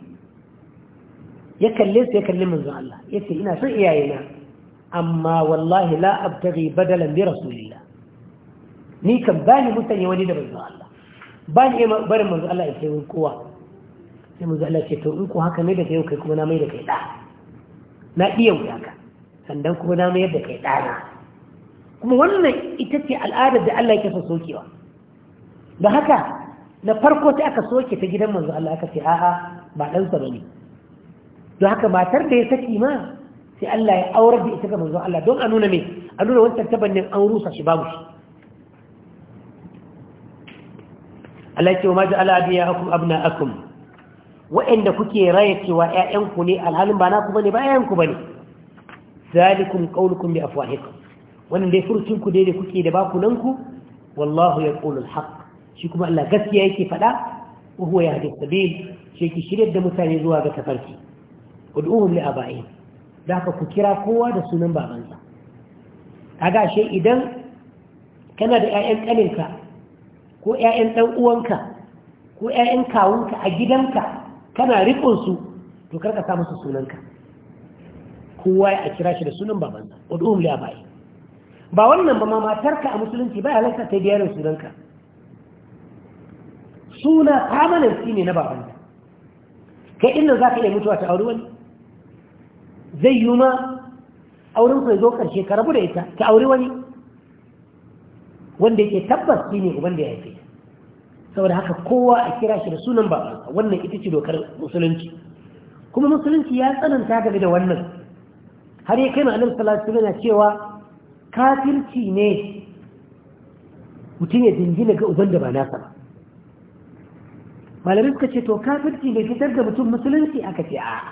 ya kalle su ya kalli manzo Allah ya ce ina son iyayena amma wallahi la abtaghi badalan bi rasulillah ni kan bani mutane wani da manzo Allah iya barin manzo Allah ya ce wani kowa sai manzo Allah ce to in ko haka ne da kai kai kuma na mai da kai da na iya wuya ka sandan kuma na mai da kai da na kuma wannan ita ce al'adar da Allah yake so sokewa da haka na farko ta aka soke ta gidan manzo Allah aka ce a'a ba ɗansa ba ne don haka matar da ya saki ma sai Allah ya aurar da ita ga manzo Allah don a nuna me a nuna wancan tabannin an rusa shi babu shi Allah ya ce ma ja'ala abiyakum abna'akum wa'anda kuke raye cewa 'ya'yanku ne alhalin ba naku bane ba ƴaƴanku bane zalikum qawlukum bi afwahikum wannan dai furucin ku daidai kuke da nan ku wallahu yaqulu alhaq shi kuma Allah gaskiya yake fada wa huwa yahdi sabil shi yake shiryar da mutane zuwa ga tafarki ud'uhum li aba'ihim da ka ku kira kowa da sunan babansa kaga she idan kana da ƴaƴan kaninka ko ƴaƴan dan uwanka ko ƴaƴan kawunka a gidanka kana riƙon su to karka sa musu sunanka kowa ya kira shi da sunan babansa ud'uhum li aba'ihim ba wannan ba ma ka a musulunci ba halatta ta biya da sunanka suna permanency ne na babanta kai inda za ka iya mutuwa ta auri wani zai yi ma auren ku zo karshe ka rabu da ita ta auri wani wanda yake tabbas shi ne wanda ya haife saboda haka kowa a kira shi da sunan babanta wannan ita ce dokar musulunci kuma musulunci ya tsananta game da wannan har ya kai ma salatu sallallahu cewa kafirci ne mutum ya dingina ga uban da ba nasa ba Malamin suka ce to kafirci ne fitar da mutum musulunci aka ce a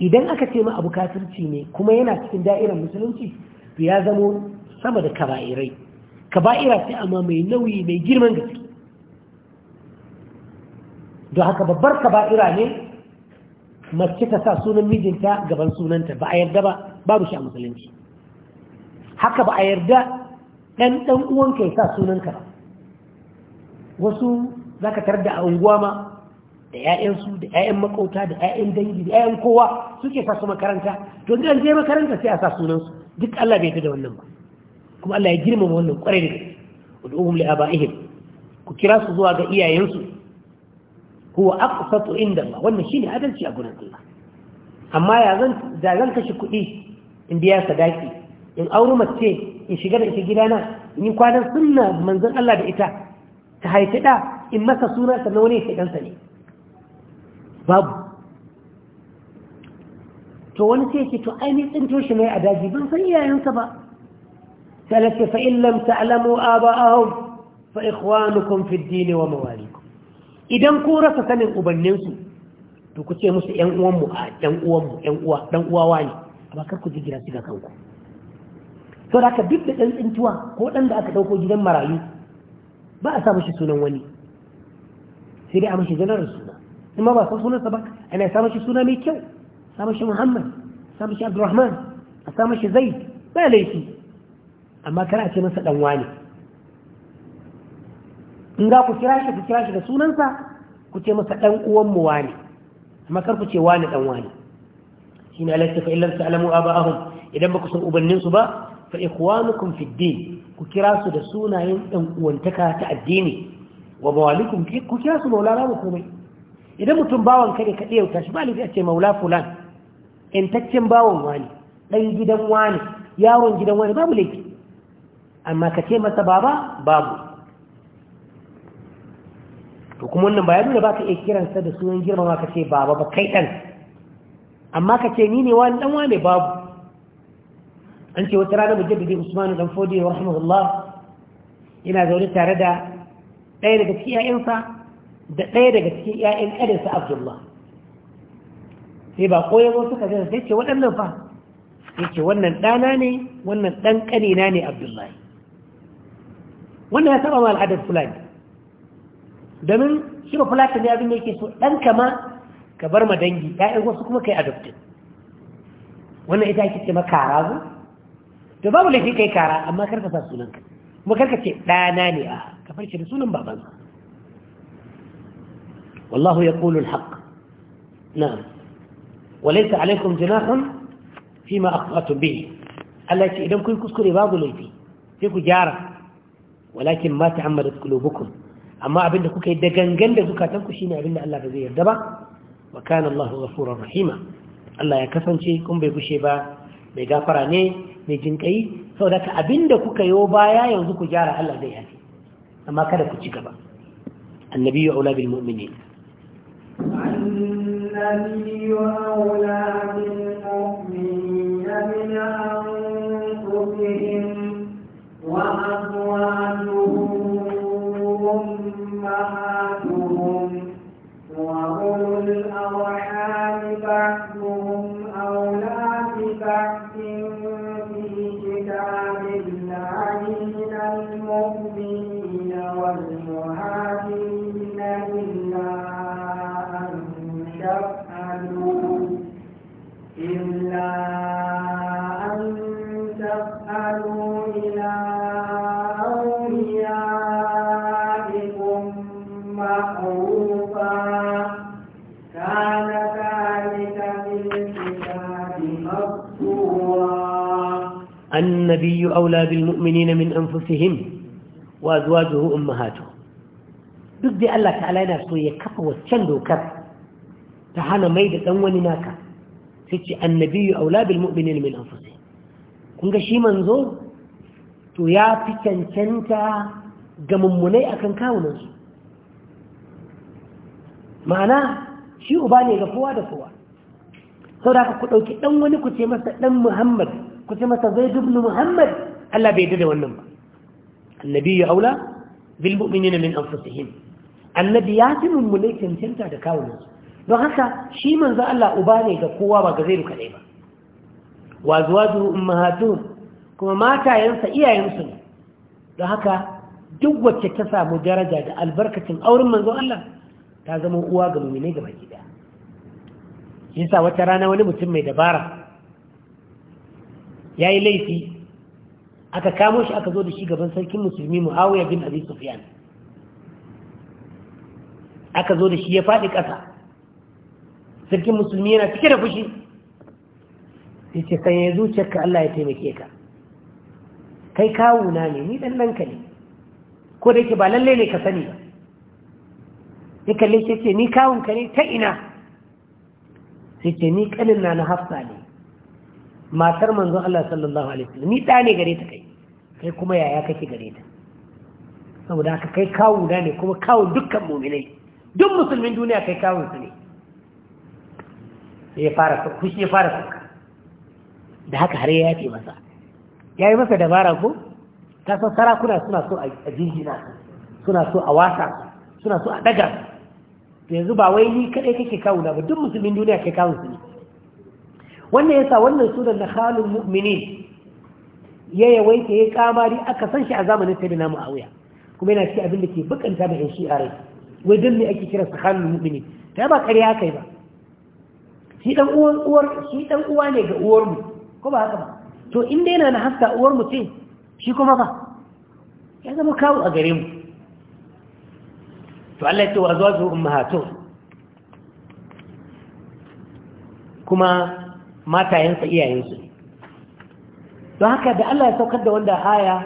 idan aka ce ma abu kafirci ne kuma yana cikin da'irar musulunci to ya zamo sama da kaba'irai kaba'ira sai amma mai nauyi mai girman gaske don haka babbar kaba'ira ne mace ta sa sunan mijinta gaban sunanta ba a yarda ba babu shi a musulunci haka ba a yarda ɗan ɗan uwanka ya sa sunanka ba wasu za ka tar da a unguwa ma da 'ya'yansu da 'ya'yan makauta da 'ya'yan dangi da 'ya'yan kowa suke sa su makaranta to duk an je makaranta sai a sa sunansu duk Allah bai da wannan ba kuma Allah ya girmama wannan kwarai da gaske ud'uhum li ku kira su zuwa ga iyayensu huwa aqsatu inda Allah wannan shine adalci a gurin Allah amma ya zan da zan kashe kuɗi in biya sadaki in auri mace in shiga da ita gidana in yi kwanan sunna manzan Allah da ita ta haifi da in masa suna na wani ya ɗansa ne babu to wani sai ce to ai ni tsinto shi mai a daji ban san iyayensa ba sai fa in lam ta'lamu aba'ahum fa ikhwanukum fi wa mawalikum idan ku rasa sanin ubanninsu to ku ce musu ƴan mu a ƴan mu ƴan uwa dan uwa wani amma kar ku jigira su kanku Sau da duk da ɗan tsintuwa ko ɗan da aka ɗauko gidan marayu ba a sa mashi sunan wani sai dai a mashi janarar suna in ma ba san sunansa ba ana sa mashi suna mai kyau sa mashi muhammad sa mashi abdurrahman a sa mashi zai ba laifi amma kar a ce masa ɗan wani in za ku kira shi ku kira shi da sunansa ku ce masa ɗan uwan mu wani amma kar ku ce wani ɗan wani shine alaihi fa alamu ta'lamu aba'ahum idan ba ku san ubanninsu ba fa ikhwanukum fi din ku kira su da sunayen dan uwantaka ta addini wa mawalikum ku kira su maula mu komai idan mutum bawan kare ka ɗaya shi ba lafi a ce maula fulan taccen bawan wani ɗan gidan wani yaron gidan wani babu laifi amma ka ce masa baba babu to kuma wannan ba ya nuna ba ka iya kiransa da sunan girmama ka ce baba ba kai ɗan amma ka ce ni ne wani ɗan wani babu an ce wata rana mujaddidi usmanu dan fodi wa rahimahullah Ina zaune tare da ɗaya daga cikin ƴaƴansa da ɗaya daga cikin ƴaƴan ƙarinsa abdullah sai ba ko yazo suka zai sai ce waɗannan fa yace wannan ɗana ne wannan ɗan ƙanina ne abdullahi wannan ya saba ma al'adar fulani domin shi ba fulani ne abin da yake so ɗan kama ka bar ma dangi ƴaƴan wasu kuma kai adoptin wannan ita ake ce makara to babu laifin kai kara amma karka sa ka kuma karka ce ɗana ne a ka farce da sunan baban wallahu ya kulu alhaq na walaysa alaikum jinahun fi ma aqfatu bi Allah ce idan kun kuskure babu laifi sai ku gyara walakin ma ta'ammadat qulubukum amma abinda kuka yi dagangan da zukatan ku shine abinda Allah ba zai yarda ba wa kana Allahu ghafurur rahima Allah ya kasance kun bai gushe ba mai gafara ne mai jinƙai sau da abinda kuka yi baya yanzu ku gyara Allah zai yafi amma kada ku ci gaba annabi ya aula bil mu'mini annabi ya aula bil mu'mini min anfusihim wa azwajuhum النبي أولى بالمؤمنين من أنفسهم وأزواجه أمهاتهم duk dai Allah ta'ala yana so ya kafa waccan dokar ta hana mai da ɗan wani naka sai ce annabiyu aula bil mu'minin min anfusih kun ga shi manzo to ya fi cancanta ga mummunai akan kawunan su ma'ana shi uba ne ga kowa da kowa sau saboda ku ɗauki ɗan wani ku ce masa ɗan Muhammad ku ce masa zai dubnu muhammad Allah bai yadda da wannan ba annabi ya aula bil min anfusihim annabi ya fi mummune cancanta da kawunan don haka shi manzo Allah uba ne ga kowa ba ga zai duka ba wa zuwaju ummahatuhum kuma matayensa iyayensu ne don haka duk wacce ta samu daraja da albarkacin auren manzo Allah ta zama uwa ga mummune gaba gida yasa wata rana wani mutum mai dabara ya yi laifi aka kamo shi aka zo da shi gaban sarkin musulmi muawiya bin abin sufyan aka zo da shi ya faɗi ƙasa sarkin musulmi yana cike da fushi sai ce kan ya zuciyarka Allah ya taimake ka kai kawuna ne ni ɗan ɗanka ne ko da yake ba lalle ne ka sani ba ya kalle ce ce ni kawunka ne ta ina sai ce ni ƙanin na na hafsa ne matar manzon Allah sallallahu alaihi wasallam ni da ne gare ta kai kai kuma yaya kake gare ta saboda haka kai kawo da ne kuma kawo dukkan mu'minai duk musulmin duniya kai kawo su ne ya fara kushi ya fara sauka da haka har ya yafe masa ya yi masa dabara ko ta san sarakuna suna so a jirgina suna so a wasa suna so a daga yanzu ba wai ni kadai kake kawo na ba duk musulmin duniya kai kawo su ne wannan yasa wannan sunan na halin mu'minin ya yawaita ya kamari aka san shi a zamanin tabi na ma'auya kuma yana ci abin da ke bukanta da yan shi'a rai wai don ne ake kira su halin mu'minin ta ba karya kai ba shi dan uwa ne ga uwarmu ko ba haka ba to inda yana na haska uwar ce, shi kuma ba ya zama kawo a gare mu to Allah ya ce wa zuwa su ummahatun kuma matayensa iyayensu don haka da Allah ya saukar da wanda aya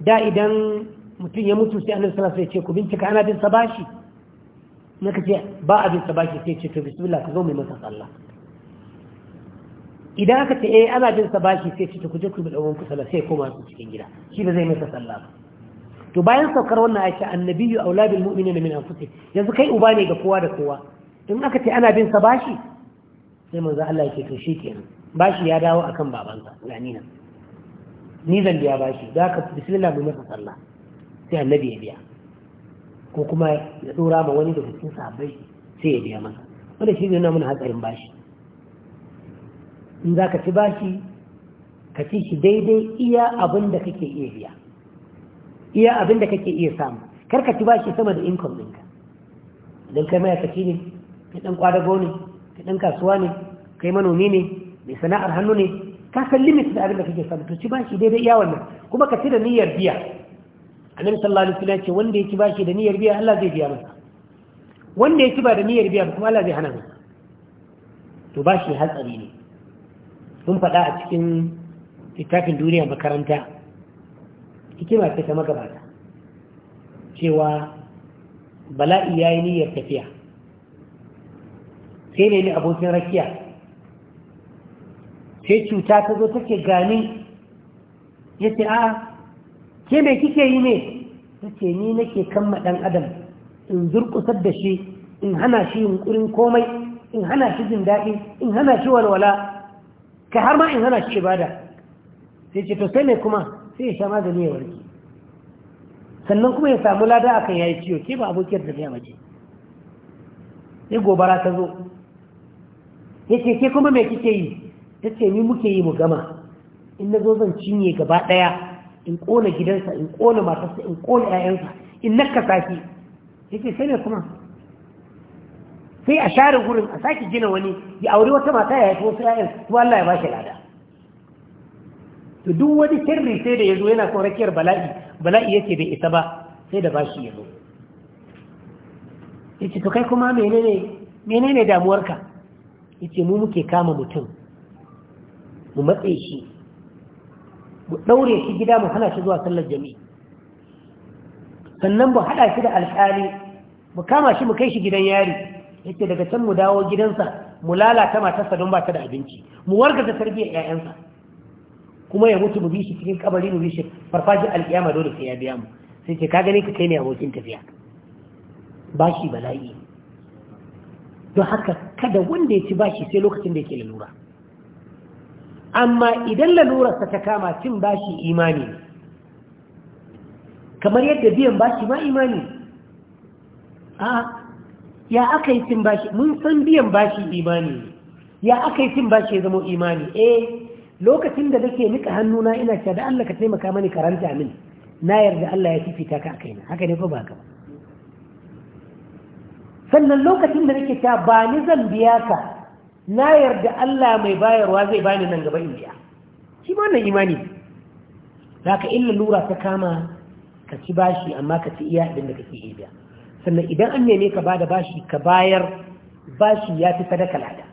da idan mutum ya mutu sai annabi sallallahu alaihi wasallam ya ce ku bincika ana bin sa bashi na kace ba abin sa bashi sai ce to bismillah ka zo mai masa sallah idan aka ce eh ana bin sa bashi sai ce to ku je ku bi dawon ku sallah sai koma su cikin gida shi ba zai masa sallah ba to bayan saukar wannan aisha annabiyyu aula mu'minina min anfusih yanzu kai uba ne ga kowa da kowa in aka ce ana bin sa bashi sai manzo Allah yake to kenan bashi ya dawo akan babansa gani nan ni zan biya bashi da ka bismillah bi masa sallah sai annabi ya biya ko kuma ya dora ma wani da cikin sahabbai sai ya biya masa wanda shi ne mun hatsarin bashi in za ka ci bashi ka ci shi daidai iya abin da kake iya biya iya abin da kake iya samu kar ka ci bashi sama da income ɗinka idan kai mai kaci ne ya dan kwadago ne ka ɗan kasuwa ne kai manomi ne mai sana'ar hannu ne ka san limit da abin da kake samu to ci bashi daidai iya wannan kuma ka ci da niyyar biya annabi sallallahu alaihi wasallam ce wanda ya ci bashi da niyyar biya Allah zai biya masa wanda ya ci ba da niyyar biya kuma Allah zai hana masa to bashi hatsari ne sun faɗa a cikin littafin duniya makaranta hikima ce ta magabata cewa bala'i ya yi niyyar tafiya sai ne abokin rakiya sai cuta ta zo take gani ya ce a ke mai kike yi ne ta ce ni nake kama ɗan adam in zurkusar da shi in hana shi yunkurin komai in hana shi jin daɗi in hana shi walwala ka har ma in hana shi ibada sai ce to sai mai kuma sai ya sha magani ya warke sannan kuma ya samu lada akan yayi ciwo ke ba abokiyar da ya mace sai gobara ta zo yake ke kuma me kike yi ce ni muke yi mu gama in nazo zan cinye gaba ɗaya in ƙona gidansa in ƙona matarsa in ƙona 'ya'yansa, in nakasa ki yake sai ne kuma sai a share gurin a sake gina wani ya aure wata mata ya haifi wasu ƴaƴan su Allah ya ba shi lada to duk wani sirri sai da ya zo yana son rakiyar bala'i bala'i yake bai isa ba sai da ba shi zo ya ce to kai kuma menene menene damuwarka yace mu muke kama mutum mu matse shi mu daure shi gida mu hana shi zuwa sallar jami'i sannan mu hada shi da alƙali mu kama shi mu kai shi gidan yari yace daga can mu dawo gidansa mu lalata matarsa don ba ta da abinci mu da tarbiyyar ƴaƴansa kuma ya mutu mu bi shi cikin kabari mu bi shi farfajin alƙiyama dole sai ya biya mu sai ce ka gani ka kai ne abokin tafiya ba shi bala'i don haka kada wanda ya ci bashi sai lokacin da yake lalura amma idan lalurarsa ta kama cin bashi imani kamar yadda biyan bashi ma imani a ya aka yi cin bashi mun san biyan bashi imani ya aka yi cin bashi ya zama imani eh lokacin da nake nika hannuna ina shada Allah ka taimaka mani karanta min na yarda Allah ya fifita ka a kaina haka ne ko ba ka ba sannan lokacin da nake ta ba ni zan biya ka na yarda Allah mai bayarwa zai bani nan gaba in biya shi ma wannan imani za ka illa lura ta kama ka ci bashi amma ka ci iya idan da kake iya biya sannan idan an neme ka bada bashi ka bayar bashi ya fi sadaka lada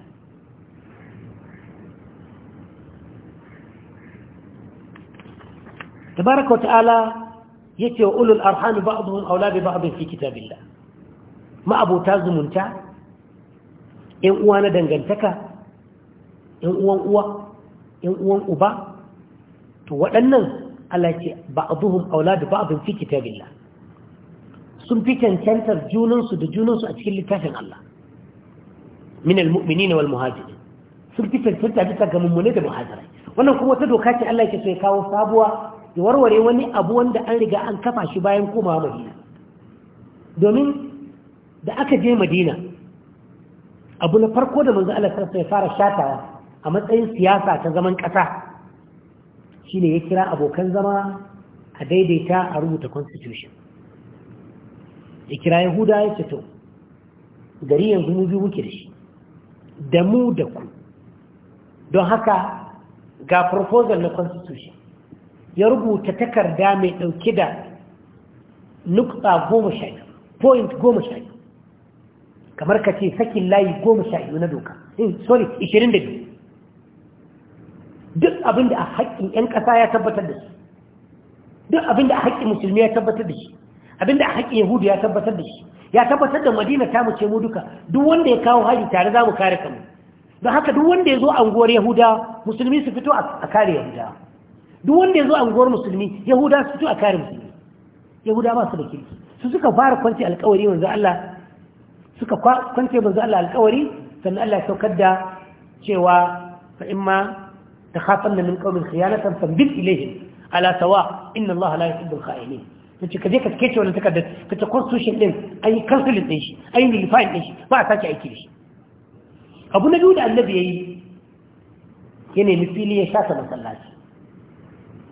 tabaraka ta'ala yace wa ulul arhami ba'dhum aula bi ba'd fi kitabillah ma'abota zumunta ‘yan uwa na dangantaka ‘yan uwan uwa ‘yan uwan uba to waɗannan Allah ce ba a zuhun aula da ba abin fi kitabin sun fi cancantar junansu da junansu a cikin littafin Allah min almu'mini na walmuhajirin sun fi cancanta bisa ga mummune da muhajirai wannan kuma wata doka ce Allah ke so ya kawo sabuwa ya warware wani abu wanda an riga an kafa shi bayan komawa madina domin da aka je madina abu na farko da manzo Allah ya fara shatawa a matsayin siyasa ta zaman ƙasa shine ya kira abokan zama a daidaita a rubuta constitution ya kira yahuda ya ce to gari yanzu mu biyu muke da shi da mu da ku don haka ga proposal na constitution ya rubuta takarda mai ɗauke da nukta goma sha point goma kamar ka ce sakin layi goma sha biyu na doka eh, sorry ishirin da biyu duk abin da a haƙƙin 'yan ƙasa ya tabbatar da shi duk abin da a haƙƙin musulmi ya tabbatar da shi abin da a haƙƙin yahudu ya tabbatar da shi ya tabbatar da madina ta mu ce mu duka duk wanda ya kawo hari tare za mu kare kanmu don haka duk wanda ya zo anguwar yahuda musulmi su fito a kare yahuda duk wanda ya zo anguwar musulmi yahuda su fito a kare musulmi yahuda ba su da kirki su suka fara kwanci alkawari wanzu allah suka kwance manzo Allah alƙawari sannan Allah ya saukar da cewa fa imma takhafanna min qaumin khiyanatan fambil ilayhim ala sawa inna Allah la yuhibbul kha'inin kace kaje ka kece wannan takardar kace constitution din ai council din shi ai nullified din shi ba a sake aiki da shi abu na biyu da annabi yayi ya nemi fili ya shata masallaci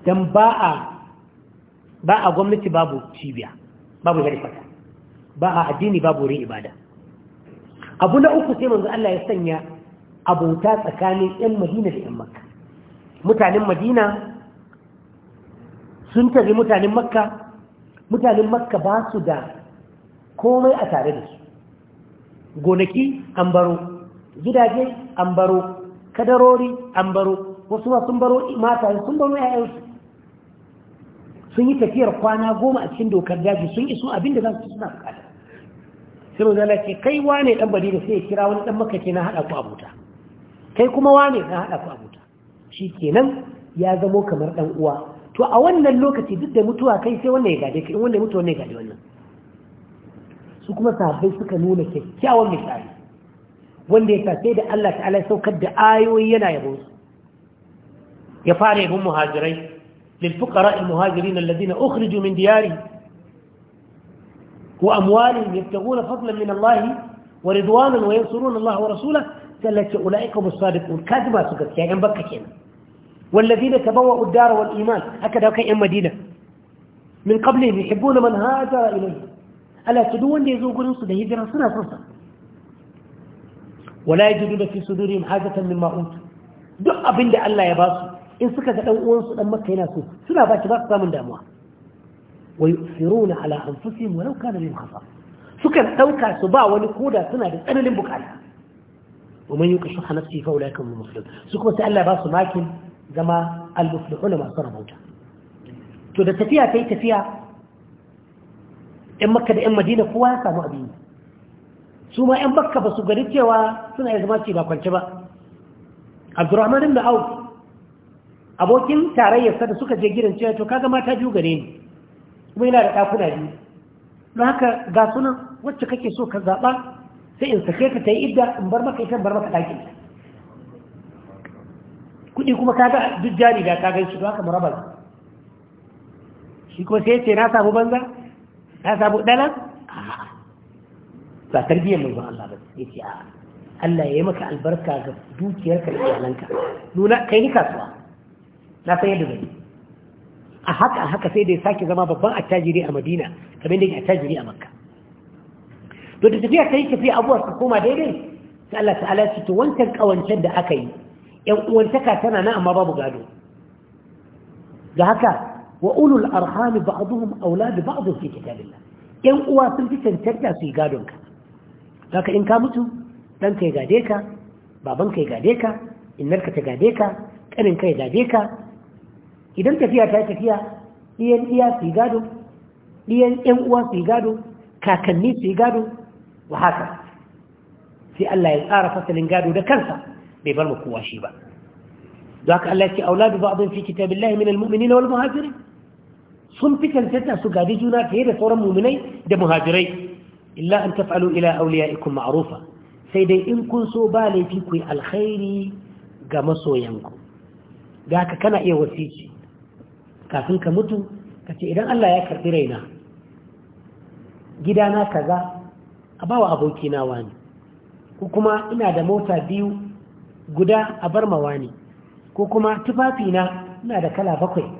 dan ba a ba a gwamnati babu cibiya babu harifata ba a addini babu wurin ibada abu na uku sai manzo Allah ya sanya abota tsakanin yan madina da yan makka mutanen madina sun tafi mutanen makka mutanen makka ba su da komai a tare da su gonaki an baro gidaje an baro kadarori an baro wasu ma sun baro mata sun baro yayansu sun yi tafiyar kwana goma a cikin dokar daji sun iso abin da za su suna bukata sai mu ce kai wane dan badina sai ya kira wani dan makace na hada ku abuta kai kuma wane na hada ku abuta kenan ya zamo kamar dan uwa to a wannan lokaci duk da mutuwa kai sai wannan ya gade mutu wannan ya gade wannan su kuma sahabbai suka nuna kyakkyawan misali wanda ya sai da Allah ta'ala ya saukar da ayoyi yana yabo su ya fara yabon muhajirai lil fuqara al muhajirin alladhina ukhriju min diyari. وأموالهم يبتغون فضلا من الله ورضوانا وينصرون الله ورسوله قالت أولئك هم الصادقون كاذبا سكت يعني بكا كينا والذين تبوأوا الدار والإيمان هكذا كأن مدينة من قبلهم يحبون من هاجر إليه ألا تدون يزوقون يصد هجرة سنة سنة ولا يجدون في صدورهم حاجة مما أوتوا دع أبن الله يباسوا in suka ga ɗan'uwansu ɗan makka yana so suna ba ki ba su samun damuwa wa yusiruna ala anfusihim walau kana bihim khasar sukan dauka su ba wani koda suna da tsananin bukata wa man yukashu nafsi fa ulaika hum muflihun su kuma sai Allah ba su makin zama al-muflihuna masu rabauta to da tafiya kai tafiya ‘yan makka da ‘yan madina kowa ya samu abin su ma ‘yan makka ba su gari cewa suna iya zama ce ba kwanci ba abdurrahman au abokin tarayyar da suka je gidan cewa to kaga mata biyu gare ni kuma yana da ɗakuna biyu don haka ga sunan wacce kake so ka zaɓa sai in sake ka ta yi idda in bar maka ita bar maka ɗakin kuɗi kuma ka ga duk jari da ka gan shi don haka mu rabar shi kuma sai ce na samu banza na samu ɗana ba tarbiyyar mai ba Allah ba sai ce a Allah ya yi maka albarka ga dukiyarka da iyalanka nuna kai ni kasuwa na san yadda zai a haka a haka sai da ya sake zama babban attajiri a madina kamar da yake attajiri a makka to da tafiya ta yi tafiya abuwa su koma daidai sai Allah ta'ala ce to wancan kawancen da aka yi ƴan uwantaka tana nan amma babu gado Ga haka wa ulul arham ba'dhum awla ba'd fi kitabillah Yan uwa sun fi cancanta su yi gadon ka haka in ka mutu dan kai gade ka baban kai gade ka innar ta gade ka kanin kai gade ka idan tafiya ta tafiya ɗiyan iya su gado ɗiyan ƴan uwa su gado kakanni su gado wa haka sai Allah ya tsara fasalin gado da kansa bai bar mu kowa shi ba don haka Allah ya ce auladu ba'dun fi kitabillahi min almu'minina wal muhajirin sun fi cancanta su gadi juna fiye da sauran muminai da muhajirai illa an taf'alu ila awliyaikum ma'rufa sai dai in kun so ba laifi ku yi alkhairi ga masoyanku da haka kana iya wasiki kafin ka mutu ka ce idan Allah ya karɓi raina gidana kaza a bawa abokina wani ko kuma ina da mota biyu guda a bar ma wani, ko kuma tufafina ina da kala bakwai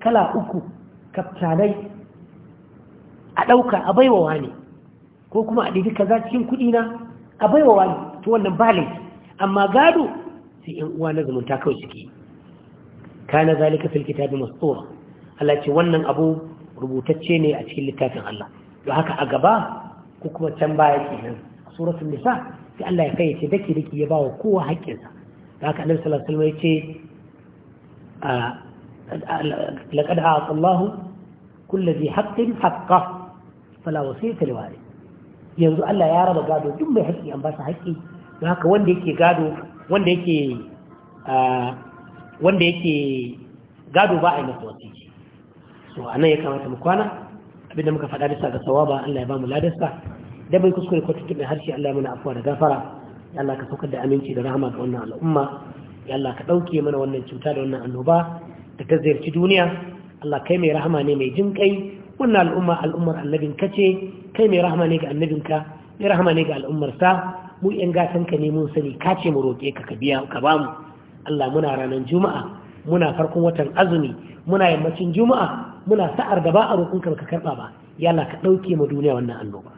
kala uku kaftanai a ɗauka a baiwa wani ko kuma a ɗiɗi kaza cikin kuɗi na a baiwa wani to wannan balin, amma gado sai 'yan uwa na zumunta kawai suke yi kana zalika fil kitabi mastura Allah ce wannan abu rubutacce ne a cikin littafin Allah Do haka a gaba ko kuma can baya kenan suratul nisa sai Allah ya kai ce dake dake ya bawa kowa haƙƙinsa don haka annabi sallallahu alaihi wasallam ya ce لقد أعطى الله كل ذي حق حقه فلا وصية yanzu Allah ya raba gado duk mai haƙƙi an basa su haƙƙi don haka wanda yake gado wanda yake wanda yake gado ba a yi masa wasiki so a nan ya kamata mu kwana abinda muka faɗa bisa ga sawaba Allah ya ba mu ladarsa da bai kuskure ko tuntuɓe harshe Allah ya mana afuwa da gafara ya Allah ka saukar da aminci da rahama ga wannan al'umma ya Allah ka ɗauke mana wannan cuta da wannan annoba da ta ziyarci duniya Allah kai mai rahama ne mai jin kai wannan al'umma al'ummar annabin ka ce kai mai rahama ne ga annabin ka, mai rahama ne ga al'ummar sa mu 'yan ka ne mun sani ka ce mu roƙe ka ka biya ka bamu Allah muna ranar juma'a muna farkon watan azumi muna yammacin juma'a muna sa'ar da ba a roƙon ka karɓa ba ya Allah ka ɗauke mu duniya wannan annoba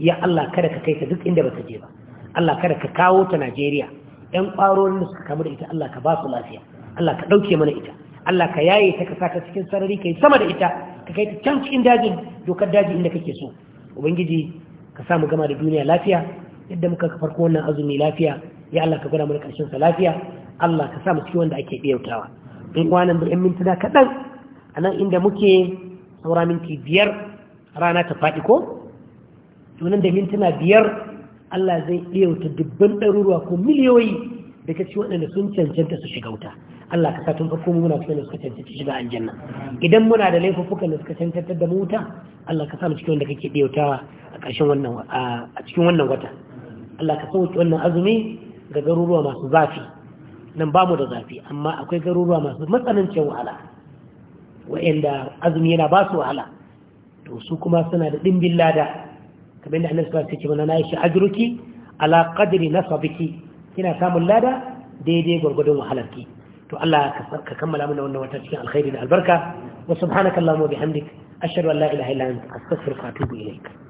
ya Allah kada ka kai ta duk inda baka je ba Allah kada ka kawo ta Najeriya Yan ƙwarorin da suka kamu da ita Allah ka ba su lafiya Allah ka ɗauke mana ita Allah ka yaye ta ka sata cikin sarari yi sama da ita ka kai ta can cikin dajin dokar daji inda kake so ubangiji ka samu gama da duniya lafiya yadda muka farko wannan azumi lafiya ya Allah ka gwada mana karshen sa lafiya Allah ka sa mu cikin wanda ake ɗiyautawa. in kwanan da yan mintuna kaɗan a nan inda muke saura minti biyar rana ta faɗi ko tunan da mintuna biyar Allah zai ɗiyauta dubban ɗaruruwa ko miliyoyi da ka kaci waɗanda sun cancanta su shiga wuta Allah ka sa tun farko muna cikin da suka cancanta shiga aljanna idan muna da laifuffukan da suka cancanta da mu wuta Allah ka sa mu cikin wanda kake ɗiyautawa a ƙarshen wannan a cikin wannan wata Allah ka sauke wannan azumi ga garuruwa masu zafi nan ba mu da zafi amma akwai garuruwa masu matsanancin wahala wa'anda azumi yana ba su wahala to su kuma suna da ɗimbin lada kamar da annabi sallallahu alaihi wasallam ya ce ajruki ala qadri nasabiki kina samun lada daidai gurgudun wahalarki to Allah ka kammala mana wannan wata cikin alkhairi da albarka wa subhanakallahumma bihamdik ashhadu an la ilaha illa anta astaghfiruka wa atubu ilaik